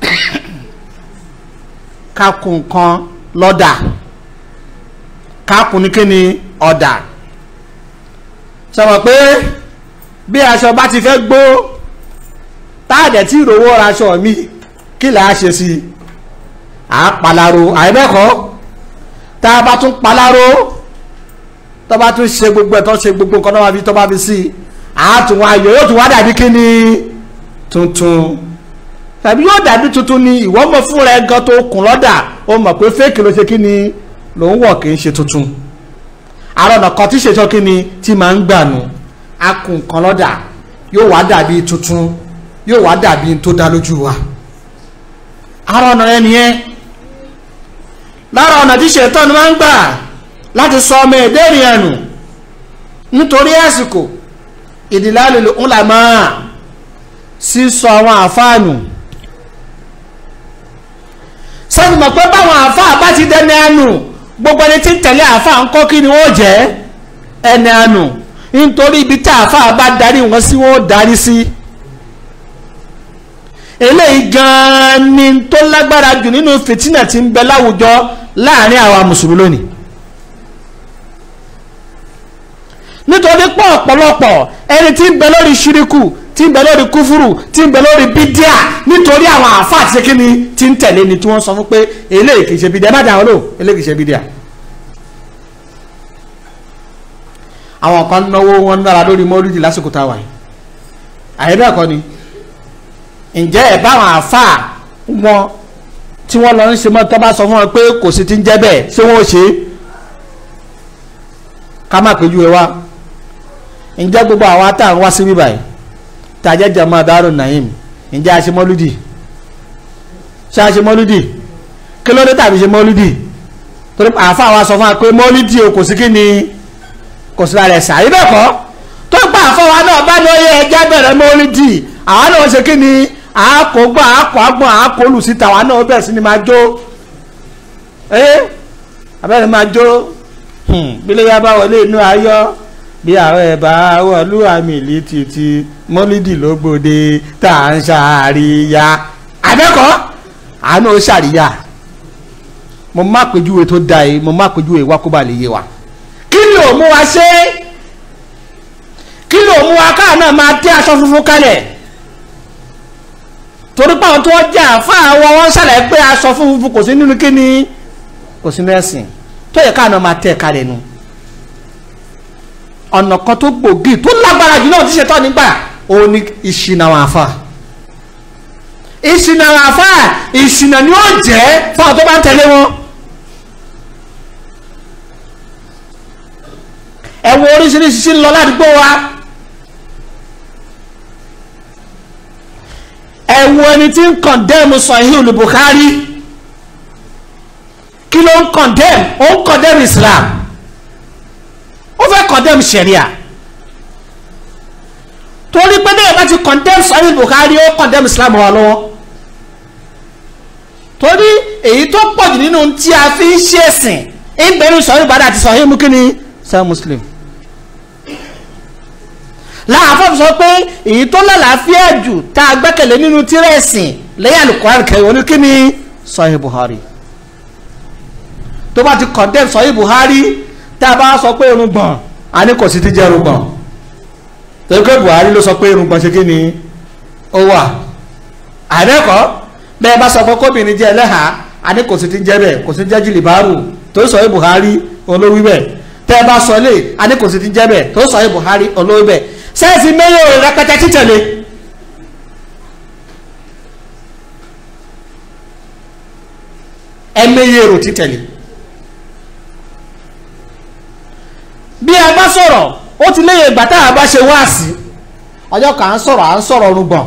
kakùn kan lọ́dà kakùn ní kíni ọ̀dà sọ̀rọ̀ pé bí aṣọ bá ti fẹ́ gbó táàdẹ̀ tí ìrówó raṣọ mi kí là ṣe sí i palaro àìbẹ́kọ̀ọ́ tá a bá palaro tó bá tún ṣe gbogbo ẹ̀ tó ṣe gbogbo nǹkan náà fi tó àtún wa yọ yóò tún wá dàbí kí ni tuntun tàbí yóò dàbí tuntun ni ìwọ mọ̀ fún rẹ gan tó kùn lọ́dà o mọ̀ pé fẹ́ẹ̀kì ló ṣe kí ni ló ń wọ̀ kì í ṣe tuntun àrùn ọ̀nà kan tí ṣètò kí ni tí máa ń gbà nù akùn kan lọ́dà yóò wá dàbí tuntun yóò wá dàbí tó dá lójú wa àrùn rẹ nìyẹn lára ọ̀nà tí ṣètò máa ń gbà láti sọ ọmọ ẹ̀dẹ́ ènìyàn nítorí àsìkò ìdílálùlù ńlámà sísọ àwọn àfáànù sọ́nù mọ̀ pé báwọn àfáà bá ti dẹ́ni àánú gbogbo ẹni tí tẹ̀lé àfáà ń kọ́ kí ni wọ́n jẹ́ ẹni nítorí ibi tí àfáà bá darí wọn sí wọ́n darí sí eléyìí gan-an ni tó lágbára jù nínú fìtínà nítorí pọ̀ ọ̀pọ̀lọpọ̀ ẹni tí ń bẹ lórí ṣíríkù tí ń bẹ lórí kúfúrù tí ń bẹ lórí bídíà nítorí àwọn àáfà àti kíni tí ń tẹ̀lé ni tí wọ́n sọ fún pé eléyìí kìí ṣe bídíà ẹ má dà wọn eléyìí kìí ṣe bídíà. àwọn kan náwó wọn nára lórí mọ́lúdì lásìkò tá a wà yìí àyẹ̀bẹ̀ kọ́ ni ǹjẹ́ ẹ̀ bá àwọn àáfà wọn tí wọ́n lọ ń ṣe mọ́ tó bá sọ fún wọn pé kò sí ti ń jẹ́ bẹ́ẹ̀ ṣé wọ́n ò ṣe é ká má péjú ẹ wá ǹjẹ́ gbogbo àwọn ata ń wá sí bíbá yìí tàjẹ́ jama dárò naim ǹjẹ́ a ṣe mọ́lúdì ṣe a ṣe mọ́lúdì kí ló dé tàbí ṣe mọ́lúdì torí àáfà wa sọ fún wa pé mọ́lúdì o kò sí kí ni kò sí lára ẹ̀sà ibẹ̀ kọ́ tó pa àáfà wa náà bá ní oyè ẹja bẹ̀rẹ̀ mọ́lúdì àwa náà ṣe kí ni àákógbà àákógbà àákólù síta àwa náà bẹ̀rẹ̀ sí ni máa jó ẹ́ abẹ́rẹ́ máa jó hmm, bílẹ̀ yá wọlé inú ayọ́ bí ààrẹ bá wọlú àmìlí títí mọ́lídì ló gbòde tá à ń ṣàríyá àbẹ́kọ̀ọ́ àánú ó ṣàríyá mo má pèjúwe tó da yìí mo má pèjúwe wá kó ba lè yé wa kí ló mú wa ṣe kí ló mú wa káà náà máa tẹ́ aṣọ funfun kalẹ̀ torí pé tó jà fáwọn wọn ṣàlàyé pé aṣọ funfun kò sí nínú kíni kò sí nẹ́sìn tó yẹ káà náà máa tẹ́ kalẹ̀ nu. No ọ̀nà kan tó gbòógì tó lágbára jù náà ti ṣe tọ́ nígbà òun ni ìṣìnà àwọn àfa ìṣìnà àwọn àfa ìṣìnà ni ó jẹ́ fáwọn tó bá ń tẹ̀lé wọn. ẹ wo oríṣiríṣi sí ń lọ ládùúgbò wa ẹ ẹni tí ń kọ̀ndẹ́mù Sahihul Bukhari kí ló ń kọ̀ndẹ́mù ó ń kọ̀ndẹ́mù Islam ó fẹ́ condemn sẹ̀ríà torí pé bẹ́ẹ̀ bá ti condemn Sahih buhari, ó condemn Islam wa lọ́wọ́ torí èyí tó pọ̀jù nínú tí a fi ń ṣe ẹ̀sìn ìgbẹ́nu Sahih Bukhari àti Sahih mú kí ni Sahih Muslim láàfọ́n sọ pé èyí tó lálàáfíà jù tá a gbẹ́kẹ̀lé nínú tírẹ̀sìn lẹ́yìn Al-Qur'an kẹrin oníkíní Sahih Bukhari tó bá ti condemn Sahih buhari tá a bá sọ pé irùngbọ̀n a ní kò sí ti jẹ́ irùngbọ̀n torí pé Buhari ló sọ pé irùngbọ̀n ṣe kí ni ó wà àdẹ́kọ́ bẹ́ẹ̀ bá sọ pé kóbìnrin jẹ́ ẹlẹ́hà a ní kò sí ti jẹ́ bẹ́ẹ̀ kò sí ti jẹ́ jìlìbárù tó sọ pé Buhari olówí bẹ́ẹ̀ tẹ́ bá sọ lé a ní kò sí ti jẹ́ bẹ́ẹ̀ tó sọ pé Buhari olówí bẹ́ẹ̀ sẹ́ẹ̀sì mẹ́yọ̀ rẹpẹtẹ títẹ̀lé ẹ bí a bá sọ̀rọ̀ ó ti léyìn ìgbà tá a bá ṣe wáàsí ọjọ́ kan à ń sọ̀rọ̀ à ń sọ̀rọ̀ rúgbọ̀n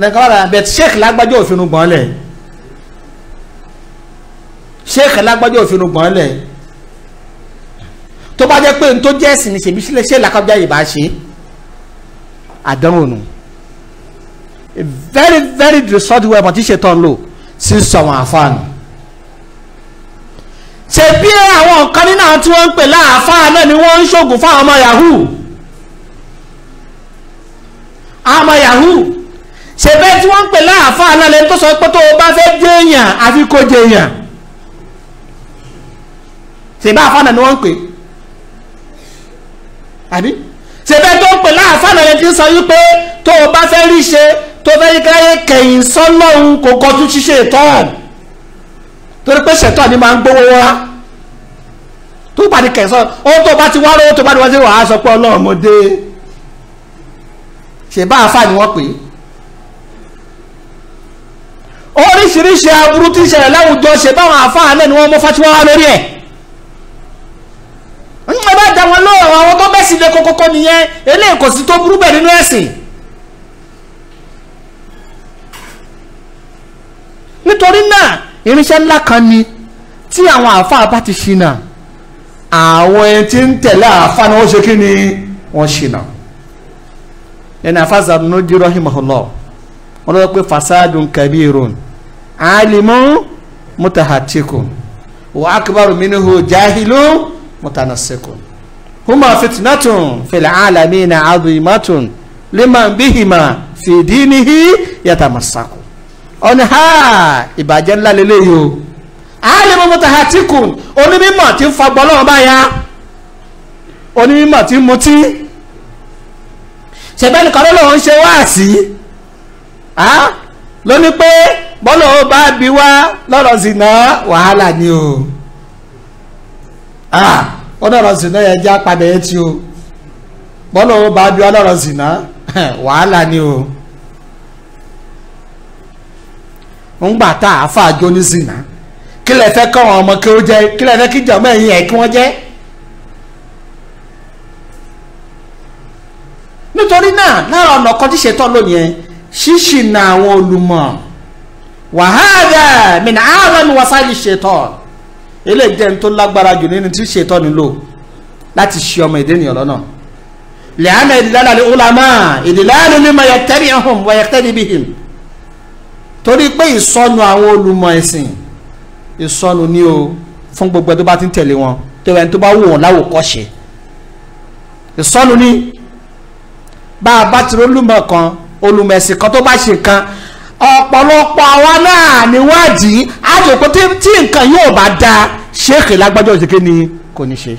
nǹkan wà lára bẹ́ẹ̀ sheikh lágbájọ́ òfin rúgbọ̀n lẹ̀ sheikh lágbájọ́ òfin rúgbọ̀n lẹ̀ tó bá jẹ́ pé n tó jẹ́ ẹ̀sìn ní ṣèbí sílẹ̀ ṣé làkọ́jà yìí bá ṣe àdánwò nù very very resourceful ẹ̀mọ́ tí ṣe tán lò sí sọ̀wọ́n àfáànù ṣe bí àwọn nǹkan nínú àwọn tí wọ́n ń pè láàfáà náà ni wọ́n ń ṣògùn fún àwọn ọmọ yahoo àwọn ọmọ yahoo ṣe bẹ́ẹ̀ tí wọ́n ń pè láàfáà náà lẹ́nu tó sọ pé tó o bá fẹ́ jẹ́ èèyàn àfi kó jẹ èèyàn ṣe bá àfáà náà ni wọ́n ń pè àbí ṣe bẹ́ẹ̀ tó ń pè láàfáà náà lẹ́nu tí ń sọ yí pé tó o bá fẹ́ rí tó fẹ́ yí káyé kẹ̀yìn sọ́lọ́run kò kọjú ṣíṣe ìtọ́ràn torí pé ṣètò ni máa ń gbówó wá tó bá ní kẹsàn ohun tó bá ti wá lówó tó bá ní wọ́n ti wà á sọ pé ọlọ́run mo dé ṣèbá àfa ni wọ́n pè é oríṣiríṣi aburú tí ń ṣẹlẹ̀ láwùjọ ṣe báwọn àfáà náà ni wọ́n mú fatiwa wá lórí ẹ̀ nígbà bá dá wọn lọ́rọ̀ àwọn tó bẹ́sì lé kókókó nìyẹn eléyìí kò sí tó burú bẹ̀ nínú ẹ̀sìn nítorí náà irinṣẹ́ ńlá kan ni tí àwọn àáfàá bá ti ṣìnà àwọn ẹni tí ń tẹ̀lé àáfàá ni wọ́n ṣe kí ni wọ́n ṣìnà ẹni àáfàá Zarnuji rahimahullah wọ́n lọ́wọ́ pé fasadun kabirun alimu mutahatikun wa akbaru minhu jahilu mutanasikun huma fitnatun fil alamina azimatun liman bihima fi dinihi ọ̀nà ha ìbàjẹ́ ńlá lélẹ́yìí o ààrẹ mọ́mọ́ta ha ti onímọ̀ tí ń fagbọ́ lọ́wọ́ báyà onímọ̀ tí ń mutí ṣẹ̀bẹ́ni kan lọ́wọ́ ń ṣe wáàsí ló pé bá bí wá lọ́rọ̀ wàhálà ni o ńgbà tá a fà jọ ní zina kí lẹ fẹ́ kọ́ àwọn ọmọ kí ó jẹ́ kí lẹ fẹ́ kí jọmọ ẹ̀yìn ẹ̀ kí wọ́n jẹ́. nítorí náà lára ọ̀nà kan tí ṣetán lónìí ẹ ṣíṣì na àwọn olùmọ̀ wàhálà mìnà àwọn ẹni wasáìlì ṣetán eléyìí tó lágbára jù nínú tí ṣetán nílò láti ṣe ọmọ èdè ènìyàn lọ́nà lẹ́hàmẹ́ ìdílálà ní ulama ìdílálà ní mọ̀ yẹ tẹ́lẹ̀ hàn wọ̀ yẹ tẹ́lẹ̀ bí torí pé ìsọnù àwọn olùmọ̀ ẹ̀sìn ìsọnù ni o fún gbogbo ẹ tó bá ti ń tẹ̀lé wọn tó ẹni tó bá wù wọn láwòkọ́ṣe ìsọnù ni bá a bá ti rólùmọ̀ kan olùmọ̀ ẹ̀sìn kan tó bá ṣe kan ọ̀pọ̀lọpọ̀ àwa náà níwádìí àjòkó tí nǹkan yóò bá da ṣéèkì lágbájọ́ òṣèké ni kò ní ṣe.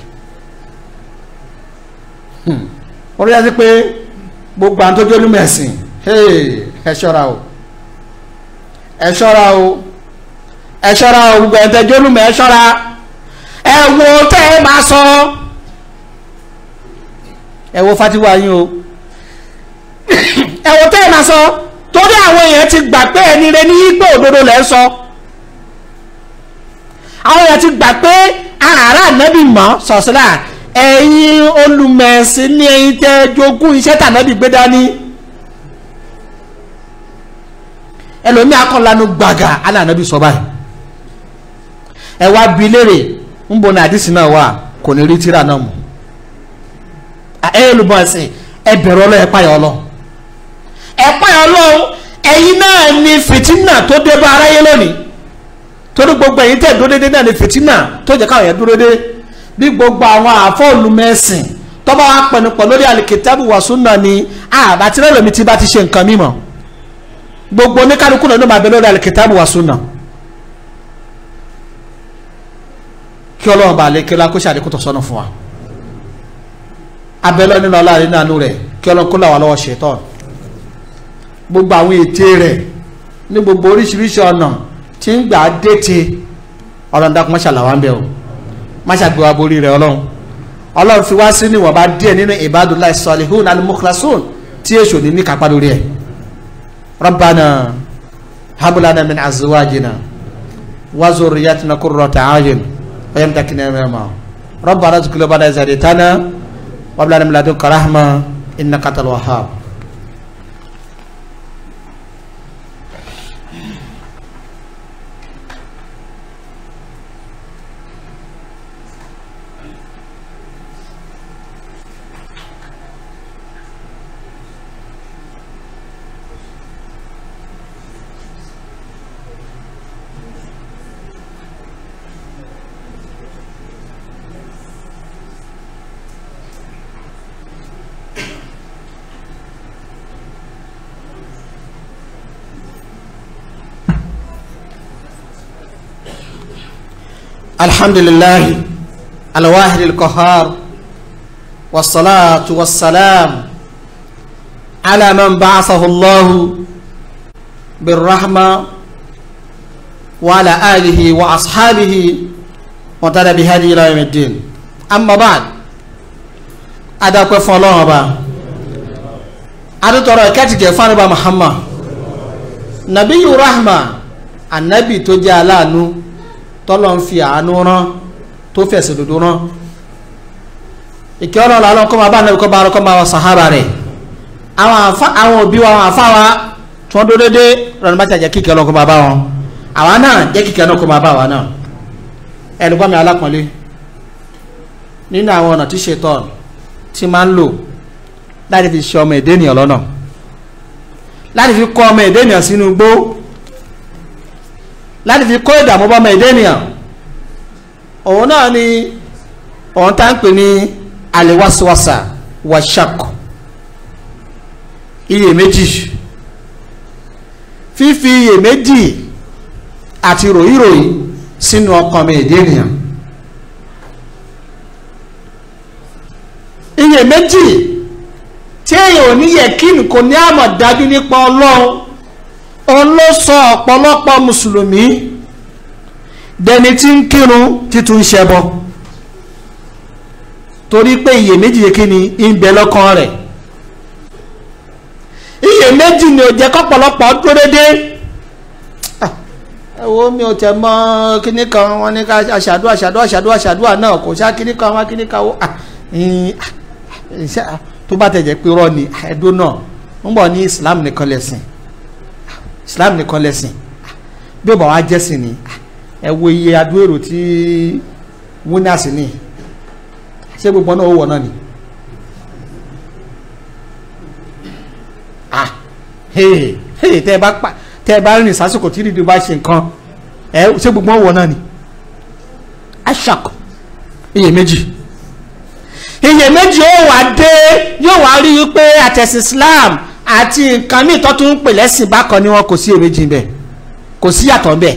orí ẹ sí pé gbogbo àwọn tó jẹ́ olùmọ̀ ẹ̀sìn ẹ ṣọ́ra o ẹ ṣọ́ra o ẹ ṣọ́ra o gbogbo ẹ̀ tẹ́jọ́ ẹ ṣọ́ra ẹ wo tẹ́ ẹ máa sọ ẹ wo fatiwa yín o ẹ wo tẹ́ ẹ máa sọ torí àwọn èèyàn ti gbà pé ẹni rẹ ní pé òdodo lẹ́ sọ àwọn èèyàn ti gbà pé àràárá ànábì mọ́ sọ̀sílà ẹ̀yin olùmẹ̀sìn ní ẹ̀yin tẹ́ jogún iṣẹ́ tànábì gbé dání. ẹlòmíì akọlanu gbàgà alànàbí sọ báyìí ẹ wá bi léèrè ń bọ̀ ní àdìsí náà wà kò ní rí tíra náà mu ẹ olùbọn ẹsìn ẹ ọlọ ọlọ́ ẹ páyọ̀ ọlọ́ ẹ páyọ̀ ọlọ́ ẹ̀yin náà ni fìtínà tó dé bá aráyé lónìí torí gbogbo ẹ̀yin tẹ̀ dúró dédé náà ni fìtínà tó jẹ́ káwọn yẹn dúró dé bí gbogbo àwọn àfọ́ọ̀lùmẹ̀sìn tọ́ba wa pẹ̀lú pọ̀ lórí àlìkìtàbù wàásù náà ni àbátírẹ́lòmí ti bá ti ṣe nǹkan mímọ́ gbogbo oníkálukú náà ló máa bẹ lórí alikitaabu wa sunna kí ọlọ́run bá lè kí ọlá kó ṣe àdékù tó sọ́nà fún wa abẹ́lẹ́ nínú ọlá nínú àánú rẹ̀ kí ọlọ́run kó làwọn lọ́wọ́ ṣètọ́ gbogbo àwọn ète rẹ̀ ní gbogbo oríṣiríṣi ọ̀nà tí ń gbà á déte ọlọ́run dákun má ṣàlàwà ń bẹ̀ o má ṣàgbé wa borí rẹ̀ ọlọ́run ọlọ́run fi wá sí níwọ̀nba díẹ̀ nínú ibadullah salihun al-mukhlasun tí èso ní ní kápá lórí ẹ̀ ربنا هب لنا من أزواجنا وذرياتنا قرة أعين ويمتكنا إماما ربنا ارزق قلوبنا زادتنا وهب لنا من لدنك رحمة إنك أنت الوهاب الحمد لله الواحد القهار والصلاة والسلام على من بعثه الله بالرحمة وعلى آله وأصحابه وتلا بهدي إلى يوم الدين أما بعد أدعوك فالله أبا أدعوك كاتك فالله محمد نبي رحمة النبي تجعلانه tọ́lọ́ ń fi àánú rán tó fẹ̀sẹ̀ dodo rán ìkẹ́ ọlọ́run alọ́ kọ́ máa bá nàbí kọ́ bá kọ́ máa sàhábà rẹ̀ àwọn àfa àwọn òbí wa àwọn àfa wa tí wọ́n dó dédé rọrùn bá ti àjẹ́ kíkẹ́ ọlọ́run kọ́ máa bá wọn àwa náà jẹ́ kíkẹ́ náà máa bá wa náà ẹnìkan mi alákànlé nínú àwọn ọ̀nà tí ṣetán ti máa ń lò láti fi ṣe ọmọ èdè ènìyàn lọ́nà láti fi kọ́ ọmọ èdè ènìyàn sínú gbó láti fi kó ìdààmú bọ́mọ ẹ̀dẹ́ ènìyàn òun náà ni òun tá ń pè ní àlewàsíwàsà wàṣàkù iyèméjì fífi iyèméjì àti ròyìnròyìn sínú ọkàn mi ẹ̀dẹ́ ènìyàn iyèméjì tí èèyàn ò ní yẹ kí nìkan ní àmọ̀dájú nípa ọlọ́run òun ló sọ ọ̀pọ̀lọpọ̀ mùsùlùmí dẹni tí ń kírun títún ṣẹbọ torí pé iyèméjì yìí kíni ń bẹ lọ́kàn rẹ̀ iyèméjì ni ò jẹ́ kọ́pọ̀lọpọ̀ dúró déédéé ah. ẹ̀wọ́ mi ò tẹ̀ mọ́ kíní kan wọn ní ká aṣàdúrà aṣàdúrà aṣàdúrà aṣàdúrà náà kò ṣá kíní kan wá kíní kan wọ́n ah, ah, tó bá tẹ̀ pé rọ́ ni ẹ̀dùn náà ń bọ̀ ní Islam nìkan lẹ̀sìn islam nìkan lẹ́sìn bí ó bá wá jẹ́sìn ni ẹ wo iye adúrò tí winners ní ṣé gbogbo náà ó wọ̀ náà ni. Ah, tẹ́ ẹ bá pa tẹ́ ẹ bá rìn sásìkò tí dídì bá ṣe nǹkan ẹ ṣé gbogbo wọn wọ̀ náà ni. ashak iyèméjì iyèméjì ó wà dé yóò wá rí i pé àtẹ̀sí islam àti nǹkan míì tó tún ń pè lẹ́sìn bákan ni wọn kò sí èméjì ń bẹ̀ kò sí yàtọ̀ bẹ̀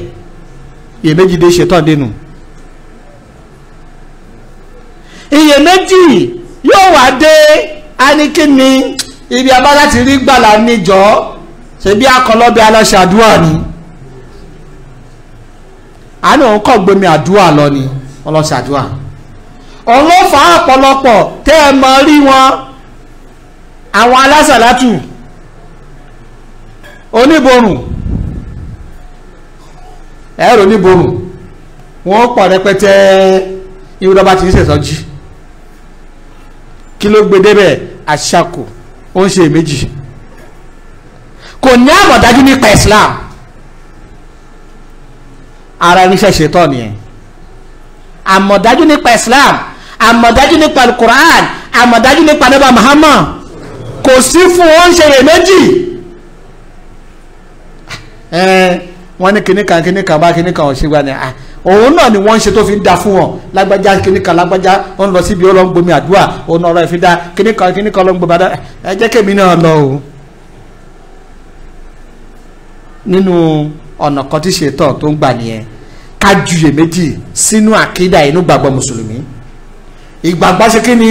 èméjì dé ṣetán dénú. iyèméjì yóò wá dé anikini ibi abá láti rí gbàlà níjọ́ ṣebí akọlọ́bẹ aláṣẹ àdúrà ni àánú òun kọ́ gbomi àdúrà lọ ni ọlọ́ṣẹ́ àdúrà òun ló fà á ọ̀pọ̀lọpọ̀ tẹ́ ẹ mọ rí wọn àwọn alásàlátù oníborùn ẹ̀rọ oníborùn wọ́n pọ̀ rẹpẹtẹ ìrọba tí ń ṣètọ́jú kí ló gbé débẹ̀ àṣàkò ó ń ṣe méjì kò ní àmọ̀dájú nípa Islam ara irinṣẹ́ ṣetán nìyẹn àmọ̀dájú nípa Islam àmọ̀dájú nípa Al-Qur'an àmọ̀dájú nípa nebà Muhammad kò sí fún ó ń ṣe méjì ẹ wọ́n ní kinní kan kinní kan bá kinní kan ọ̀ṣẹ́ gba ni à òun náà ni wọ́n ń ṣe tó fi ń da fún wọn lágbájá kinní kan lágbájá ó ń lọ síbi ó lọ ń gbomi àdúrà òun ọ̀rọ̀ ìfi da kinní kan kinní kan ló ń gbomi àdúrà ẹ jẹ́ kémi náà lọ o. nínú ọ̀nà kan tí ṣètò tó ń gbà nìyẹn ká juyè méjì sínú àkídà inú gbàgbọ́ mùsùlùmí ìgbàgbọ́ ṣe kí ni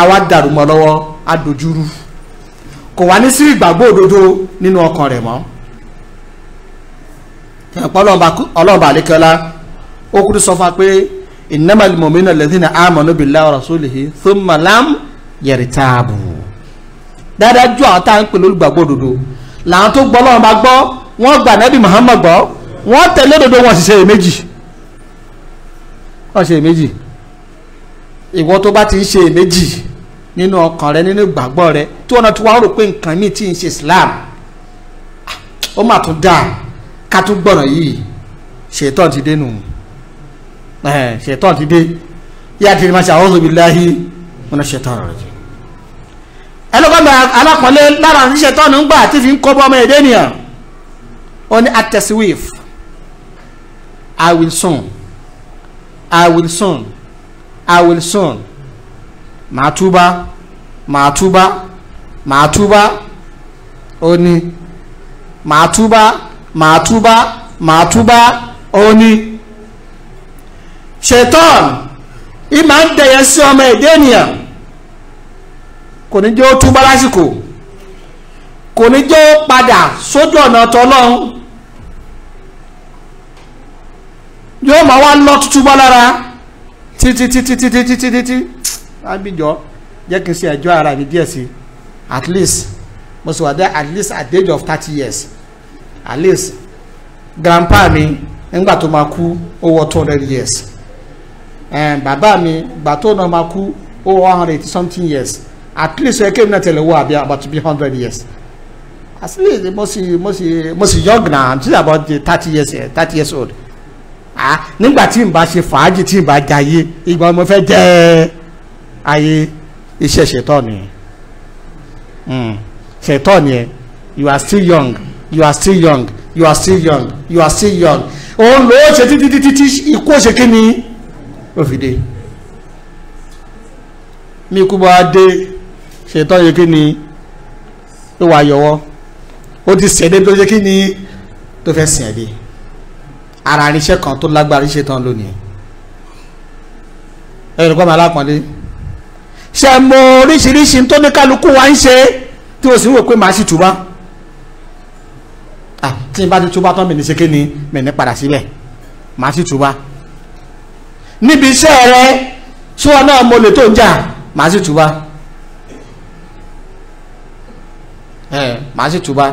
àwa dàrú lọ́wọ́ adójúrú kò wá ní sí ìgbàgbọ́ òdodo nínú ọkàn rẹ̀ mọ́ ẹ̀pọ̀ ọlọ́ọ̀bà àlékọ́lá ó kúrú sọ fún wa pé innamal mu'minuna alladhina amanu billahi wa rasulihi thumma lam yartabu. dáadájú àwọn tá à ń pè lólùgbàgbọ́ òdodo làwọn tó gbọ́ lọ́wọ́ bá gbọ́ wọ́n gbà nábì Muhammad gbọ́ wọ́n tẹ̀lé òdodo wọn sì ṣe èméjì wọ́n ṣe èméjì ìwọ tó bá ti ń ṣe èméjì nínú ọkàn rẹ nínú ìgbàgbọ́ rẹ tí wọn náà ti wá rò pé nǹkan míì tí ń ṣe Islam ó mà tún dáa ká tún gbọ̀nà yìí ṣètọ́n ti dé nù ṣètọ́n ti dé yíyá ti máa ṣe a'udhu billahi minash shaitonir rajim. ẹlọ́gbọ́n alákọ̀ọ́lé lára àti ṣètọ́n ń gbà tí fi ń kọ́ bọ́ ọmọ èdè nìyàn ó ní I will soon I will soon I will soon màá túbá màá túbá màá túbá ó ní màá túbá màá túbá màá túbá òun ni ṣetán ìmà ń dẹ̀yẹ sí ọmọ èdè ènìyàn kò ní jẹ́ ó túbá lásìkò kò ní jẹ́ ó padà sójú ọ̀nà tọ́lọ́hún yóò máa wá lọ túbá lára títí títí títí títí títí ábíjọ jẹ́ kí n ṣe ẹjọ́ ara mi díẹ̀ sí at least mo sì wà dé at least at the age of thirty years at least grandpa mi nígbà tó máa kú ó wọ two hundred years eh, bàbá mi gbà tó náà máa kú ó wọ one hundred something years at least ẹ kéwìn náà tẹ̀lé wọ àbí about be hundred years at least mo sì mo sì mo sì young na i'm still about thirty years eh, thirty years old ah nígbà tí n bá ṣe fàájì tí n bá jayé ìgbà mo fẹ́ jẹ́ ayé iṣẹ́ ṣètọ́ nìyẹn hmm. ṣètọ́ nìyẹn you are still young you are still young you are still young you are still young òun ló ṣe títí títí tí ikú ṣe kí ni ó fi dé mi kú bá dé ṣètọ́ yẹ kí ni ló wà yọwọ́ ó ti sẹ̀dé tó ṣe kí ni tó fẹ́ sìn ẹ̀dẹ́ ara irinṣẹ́ kan tó lágbára iṣẹ́ tán lónìí ẹ̀rọ kọ́ máa ṣe mo oríṣiríṣi tó ní kálukú wa ń ṣe tí o sì ń wò pé màá sì túbá tí n bá ti túbá tán mi ní ṣe kí ni mi ní padà síbẹ̀ màá sì túbá níbi iṣẹ́ rẹ tí wọn náà mo lè tó ń jà màá sì túbá ẹ màá sì túbá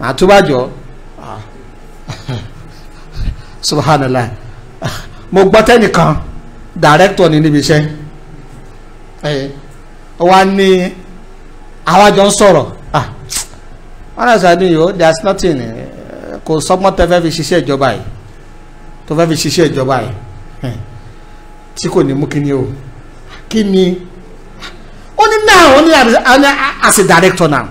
màá túbá jọ subhanallah mo gbọ́ tẹ́nìkan dàrẹ́tọ̀ ni níbi iṣẹ́ ẹ wa ni àwa ń sọ̀rọ̀ ah honestly i mean yo there's nothing. Eh, kò sọ́gbọ́n tẹ́ fẹ́ fi ṣiṣẹ́ ìjọba yìí tó fẹ́ fi ṣiṣẹ́ ìjọba yìí tí kò ní mú kí ni o kí ni ó ní náà ó ní as a director now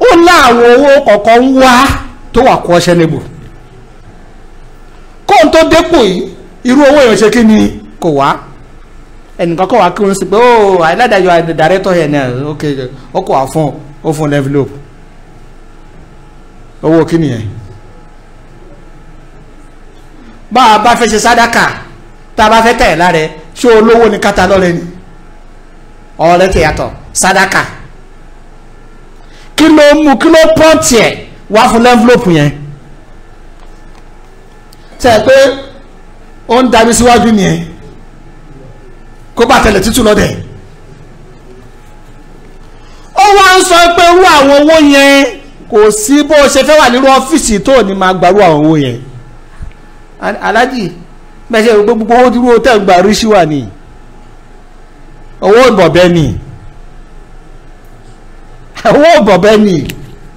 ó láwọn owó kọ̀ọ̀kan ń wá tó wà kọ́ ọṣẹ́ níbò kóun tó dépò yìí irú owó èèyàn ṣe kí ni kò wá ẹnìkan kọ̀ wá kí wọ́n sì pé ó àìládàá yọ director here náà ok ó kọ̀ wá fún ó fún owó kíni yẹn bá a bá fẹ́ ṣe sádàkà tá a bá fẹ́ tẹ̀ lára ṣé olówó ni kátà lọ́rẹ́ ni ọ̀rẹ́ ti yàtọ̀ sádàkà kí ló mú kí ló pọ́ǹtì ẹ̀ wá fún lẹ́ńfúlọ́pù yẹn tẹ́ ẹ pé ó ń darí síwájú nìyẹn kó bá tẹ̀lé títù lọ́dẹ̀ ó wá ń sọ pé irú àwọn owó yẹn kò sí bó ṣe fẹ́ wà nírú ọ́fíìsì tó ní máa gbarú àwọn owó yẹn alájì mẹ́sẹ̀ gbogbo owó dúró tẹ̀ ń gba ríṣì wà ní owó ìbọ̀bẹ́ ni owó ìbọ̀bẹ́ ni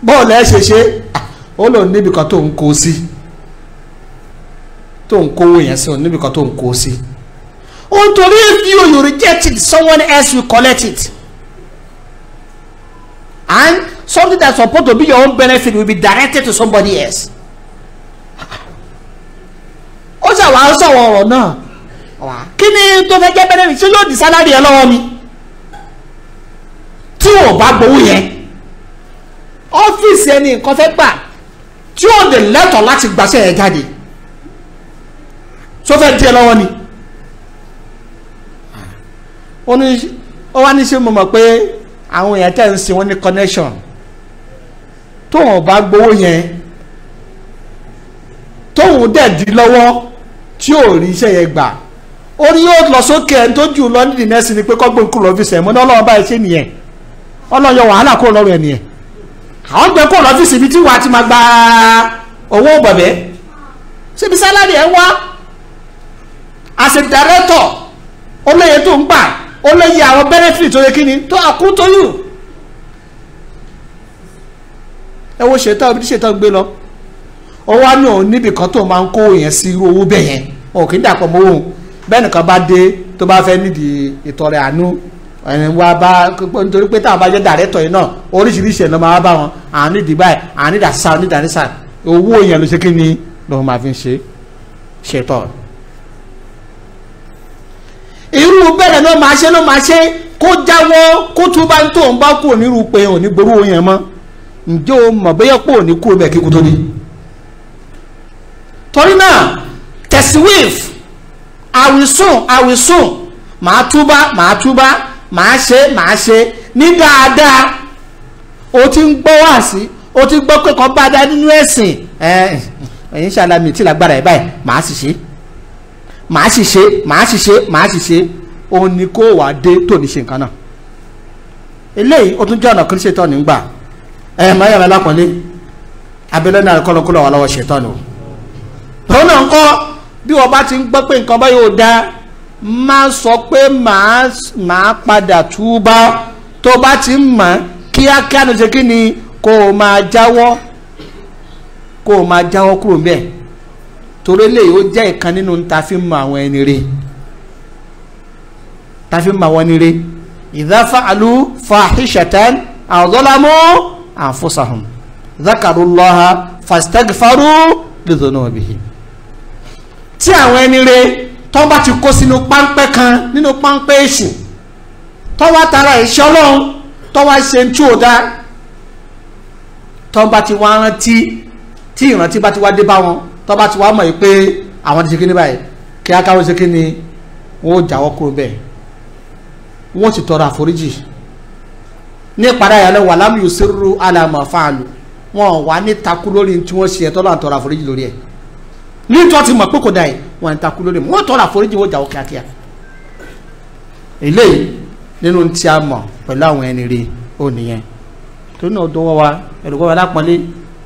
bọ́ọ̀lù ẹ̀ ṣe ṣe ó lòun níbi kan tó ń kó sí tó ń kówó yẹn sí níbi kan tó ń kó sí. ó torí if you you reject someone else will collect it and something that's supposed to be your own benefit will be directed to somebody else. ó ṣàwà ó ṣàwọ ọ̀rọ̀ náà kí ni tó fẹ́ jẹ́ benefit ṣé ló di salary ẹ lọ́wọ́ mi tí ò bá gbowó yẹn ọ́fíìsì ẹni nǹkan fẹ́ gbà tí ò lè lẹ́tọ̀ọ́ láti gbàṣẹ́ ẹ̀ jáde tó fẹ́ di ẹ lọ́wọ́ ni ó wá ní ṣe mọ̀ mọ̀ pé àwọn èèyàn tẹ̀ ń sin wọn ní connection tóun bá gbowó yẹn tóun dẹ̀ di lọ́wọ́ tí ò rí iṣẹ́ yẹn gbà orí yóò lọ sókè ẹni tó jù lọ nídìí nẹ́ẹ̀sì ni pé kọ́gbọ́n kúrò ọ́fíìsì ẹ̀ mọ́ ní ọlọ́run báyìí ṣe nìyẹn ọlọ́run yọ wàhálà kúrò lọ́rùn ẹ̀ nìyẹn àwọn gbẹ kúrò ọ́fíìsì ibi tí wàá ti máa gba owó bọ̀bẹ́ síbi sálárì ẹ̀ wá as a director ó léye tó ń gbà ó lè yẹ àwọn benefit tó yẹ kí ni tó àkú tó yù ẹ wo ṣètò ibi tí ṣètò gbé lọ ọwọ́ àná níbi kan tó máa ń kó yẹn sí owó bẹ́ẹ̀ yẹn òkè ń dàpọ̀ mọ́ òun bẹ́ẹ̀ nìkan bá dé tó bá fẹ́ nídìí ìtọrẹ àánú ẹni wa bá nítorí pé táwọn bá jẹ́ dàrẹ́tọ̀ yìí náà oríṣiríṣi ẹ̀ ló máa bá wọn àwọn nídìí báyìí àwọn nídàá sá owó yẹn ló ṣe kí ni lòun máa fi ṣe ṣètò irú bẹ́ẹ̀ náà máa ṣe náà máa ṣe kó jáwọ́ kó tún bá ń tó ń bá kúrò nírú pé òun ní ború yẹn mọ́ ǹjẹ́ o mọ̀ bóyá pò ní kúrò bẹ́ẹ̀ kíkú tó dé. torí náà tẹ̀síwìf àwìsùn àwìsùn màá túbá màá túbá màá ṣe màá ṣe ní dáadáa o ti ń gbọ́ wá sí o ti gbọ́ pé kan bá dá nínú ẹ̀sìn ẹ̀yìn ṣàlàmì tí lágbára ẹ̀ báyìí màá sì ṣe é màá sì ṣe màá sì ṣe màá sì ṣe òun ni kó wàá dé tòní ṣe nǹkan náà eléyìí ó tún jẹ́ ọ̀nà kí ṣètọ́ ní gbà ẹ̀ mọ́yàrá lápọ̀lé abẹ́lẹ́ náà kọ́lọ́kọ́lọ́ wà lọ́wọ́ ṣètọ́ ni o tòun náà ń kọ́ bí wọ́n bá ti ń gbọ́ pé nǹkan bá yóò dáa má sọ pé màá padà túbá tó bá ti ń mọ̀ kíákíá ló ṣe kí ni kó o máa jáwọ́ kó o máa jáwọ́ kúrò bẹ́ẹ̀ torí eléyìí ó jẹ́ ìkan nínú ta fi mọ àwọn ẹni re ta fi mọ àwọn ẹni re idha fa'alu fahishatan aw zalamu anfusahum dhakarullaha fastaghfaru lidhunubihim tí àwọn ẹni re tó bá ti kó sínú páńpẹ́ kan nínú páńpẹ́ èṣù tó wá tara ìṣẹ́ ọlọ́run tó wá ṣe ń tú ò dáa tó bá ti wá rántí tí ìrántí bá ti wá dé bá wọn tó bá ti wá mọ̀ yìí pé àwọn ti ṣe kíní báyìí kí akáwọn ṣe kíní wọn ò jáwọ́ kúrò bẹ́ẹ̀ wọ́n ti tọrọ àforíjì ní ìpadà ìyàlẹ́ wà lámì òsèrú alàmọ̀ fáàlù wọn wà ní takú lórí tí wọ́n ṣe ẹ̀tọ́ láti tọrọ àforíjì lórí ẹ̀ ní tí wọ́n ti mọ̀ pé kò dà yìí wọn ní takú lórí wọn tọrọ àforíjì wọn jáwọ́ kíákíá eléyìí nínú tí a mọ̀ pẹ̀lú àwọn ẹni rí ò nìyẹn torí náà dọwọ́ wa ẹ̀rù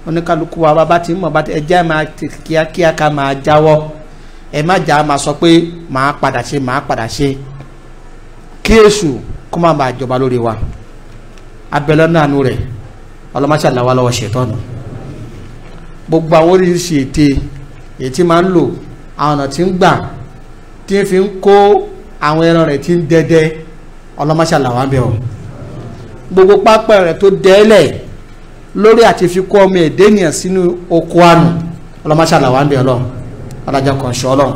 oníkálukú wa bá ti ń mọ̀ bá ti ẹjẹ́ máa kíákíá ká máa jáwọ́ ẹ má jà á máa sọ pé màá padà ṣe màá padà ṣe kí èṣù kó má bàa jọba lórí wa abẹ́lẹ́ náà nù rẹ̀ ọlọ́mọṣẹ́ àláwá lọ́wọ́ ṣètọ́nù gbogbo àwọn oríṣiríṣi ète èyí máa ń lò àwọn ọ̀nà tí ń gbà tí fi ń kó àwọn ẹran rẹ̀ tí ń dẹ́dẹ́ ọlọ́mọṣẹ́ àláwá bẹ̀ ọ́ gbogbo pápá rẹ̀ tó dẹ́lẹ̀ lórí àti fi kó ọmọ èdè ènìyàn sínú oko àánú ọlọmọṣàlà wà ń bẹ Ọlọ́run ọlọjà kan ṣọ Ọlọ́run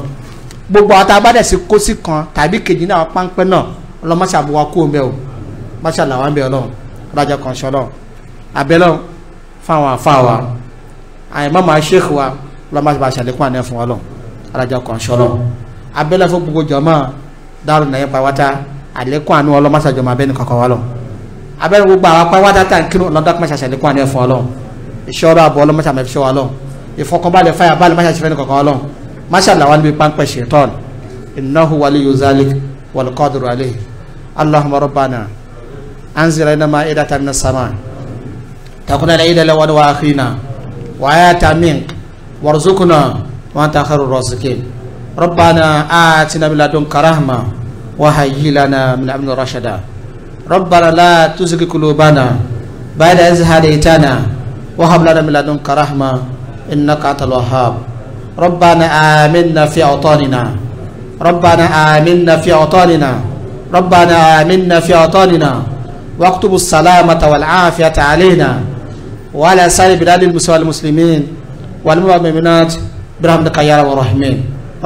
gbogbo àwọn tá a bá dẹ̀ sí kó sí kan tàbí kejì náà páńpẹ́ náà ọlọmọṣàbù wa kú ọmọ ẹ o ọlọmọṣàlà ń bẹ Ọlọ́run ọlọjà kan ṣọ Ọlọ́run abẹ́lẹ́ fáwọn afáwa àyẹ̀mọ́mọ́ aṣèkù wa ọlọmọṣàbà ṣàlékún àná fún Ọlọ́run ọlọjà kan ṣọ Ọlọ́run abẹ́lẹ́ fún gbogbo jọmọ́ Daaru Naim pàwátá àlékún àánú ọlọmọṣàjọmọ́ abẹ́ni kọ̀ọ̀kan abẹ́rẹ́ gbogbo àwọn apá wádà tá à ń kírun ọ̀nà dákúmọ̀ ṣàṣẹ ní kwani ẹ̀fọ́ ọlọ́run iṣẹ́ ọ̀rọ̀ àbọ̀ ọlọ́mọ ṣàmì ẹ̀fọ́ ọlọ́run ìfọkànbalẹ̀ fáyà balẹ̀ máṣe àṣẹfẹ́ ní kọ̀ọ̀kan ọlọ́run máṣàlá wa níbi páńpẹ́ ṣètọ́n innahu waliyu zalik wal qadiru alayhi allahumma rabbana anzil lana ma'idatan minas sama takuna ila lawan wa akhina wa ayatan mink warzuqna wa anta khairur raziqin rabbana atina min ladunka rahma wa hayyi min amrina rashada ربنا لا تزغ قلوبنا بعد إذ هديتنا وهب لنا من لدنك رحمة إنك أنت الوهاب ربنا آمنا في أوطاننا ربنا آمنا في أوطاننا ربنا آمنا في أوطاننا واكتب السلامة والعافية علينا وعلى سائر بلاد المسلمين والمسلمين والمؤمنات برحمتك يا رب الرحمن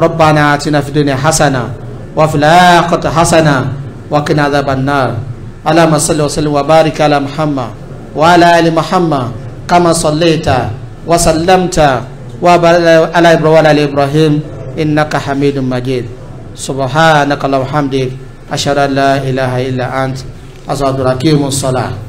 ربنا آتنا في الدنيا حسنة وفي الآخرة حسنة وقنا عذاب النار اللهم صل وسلم وبارك على محمد وعلى ال محمد كما صليت وسلمت وبارك على ابراهيم وعلى ال ابراهيم انك حميد مجيد سبحانك اللهم وبحمدك اشهد ان لا اله الا انت استغفرك الصلاه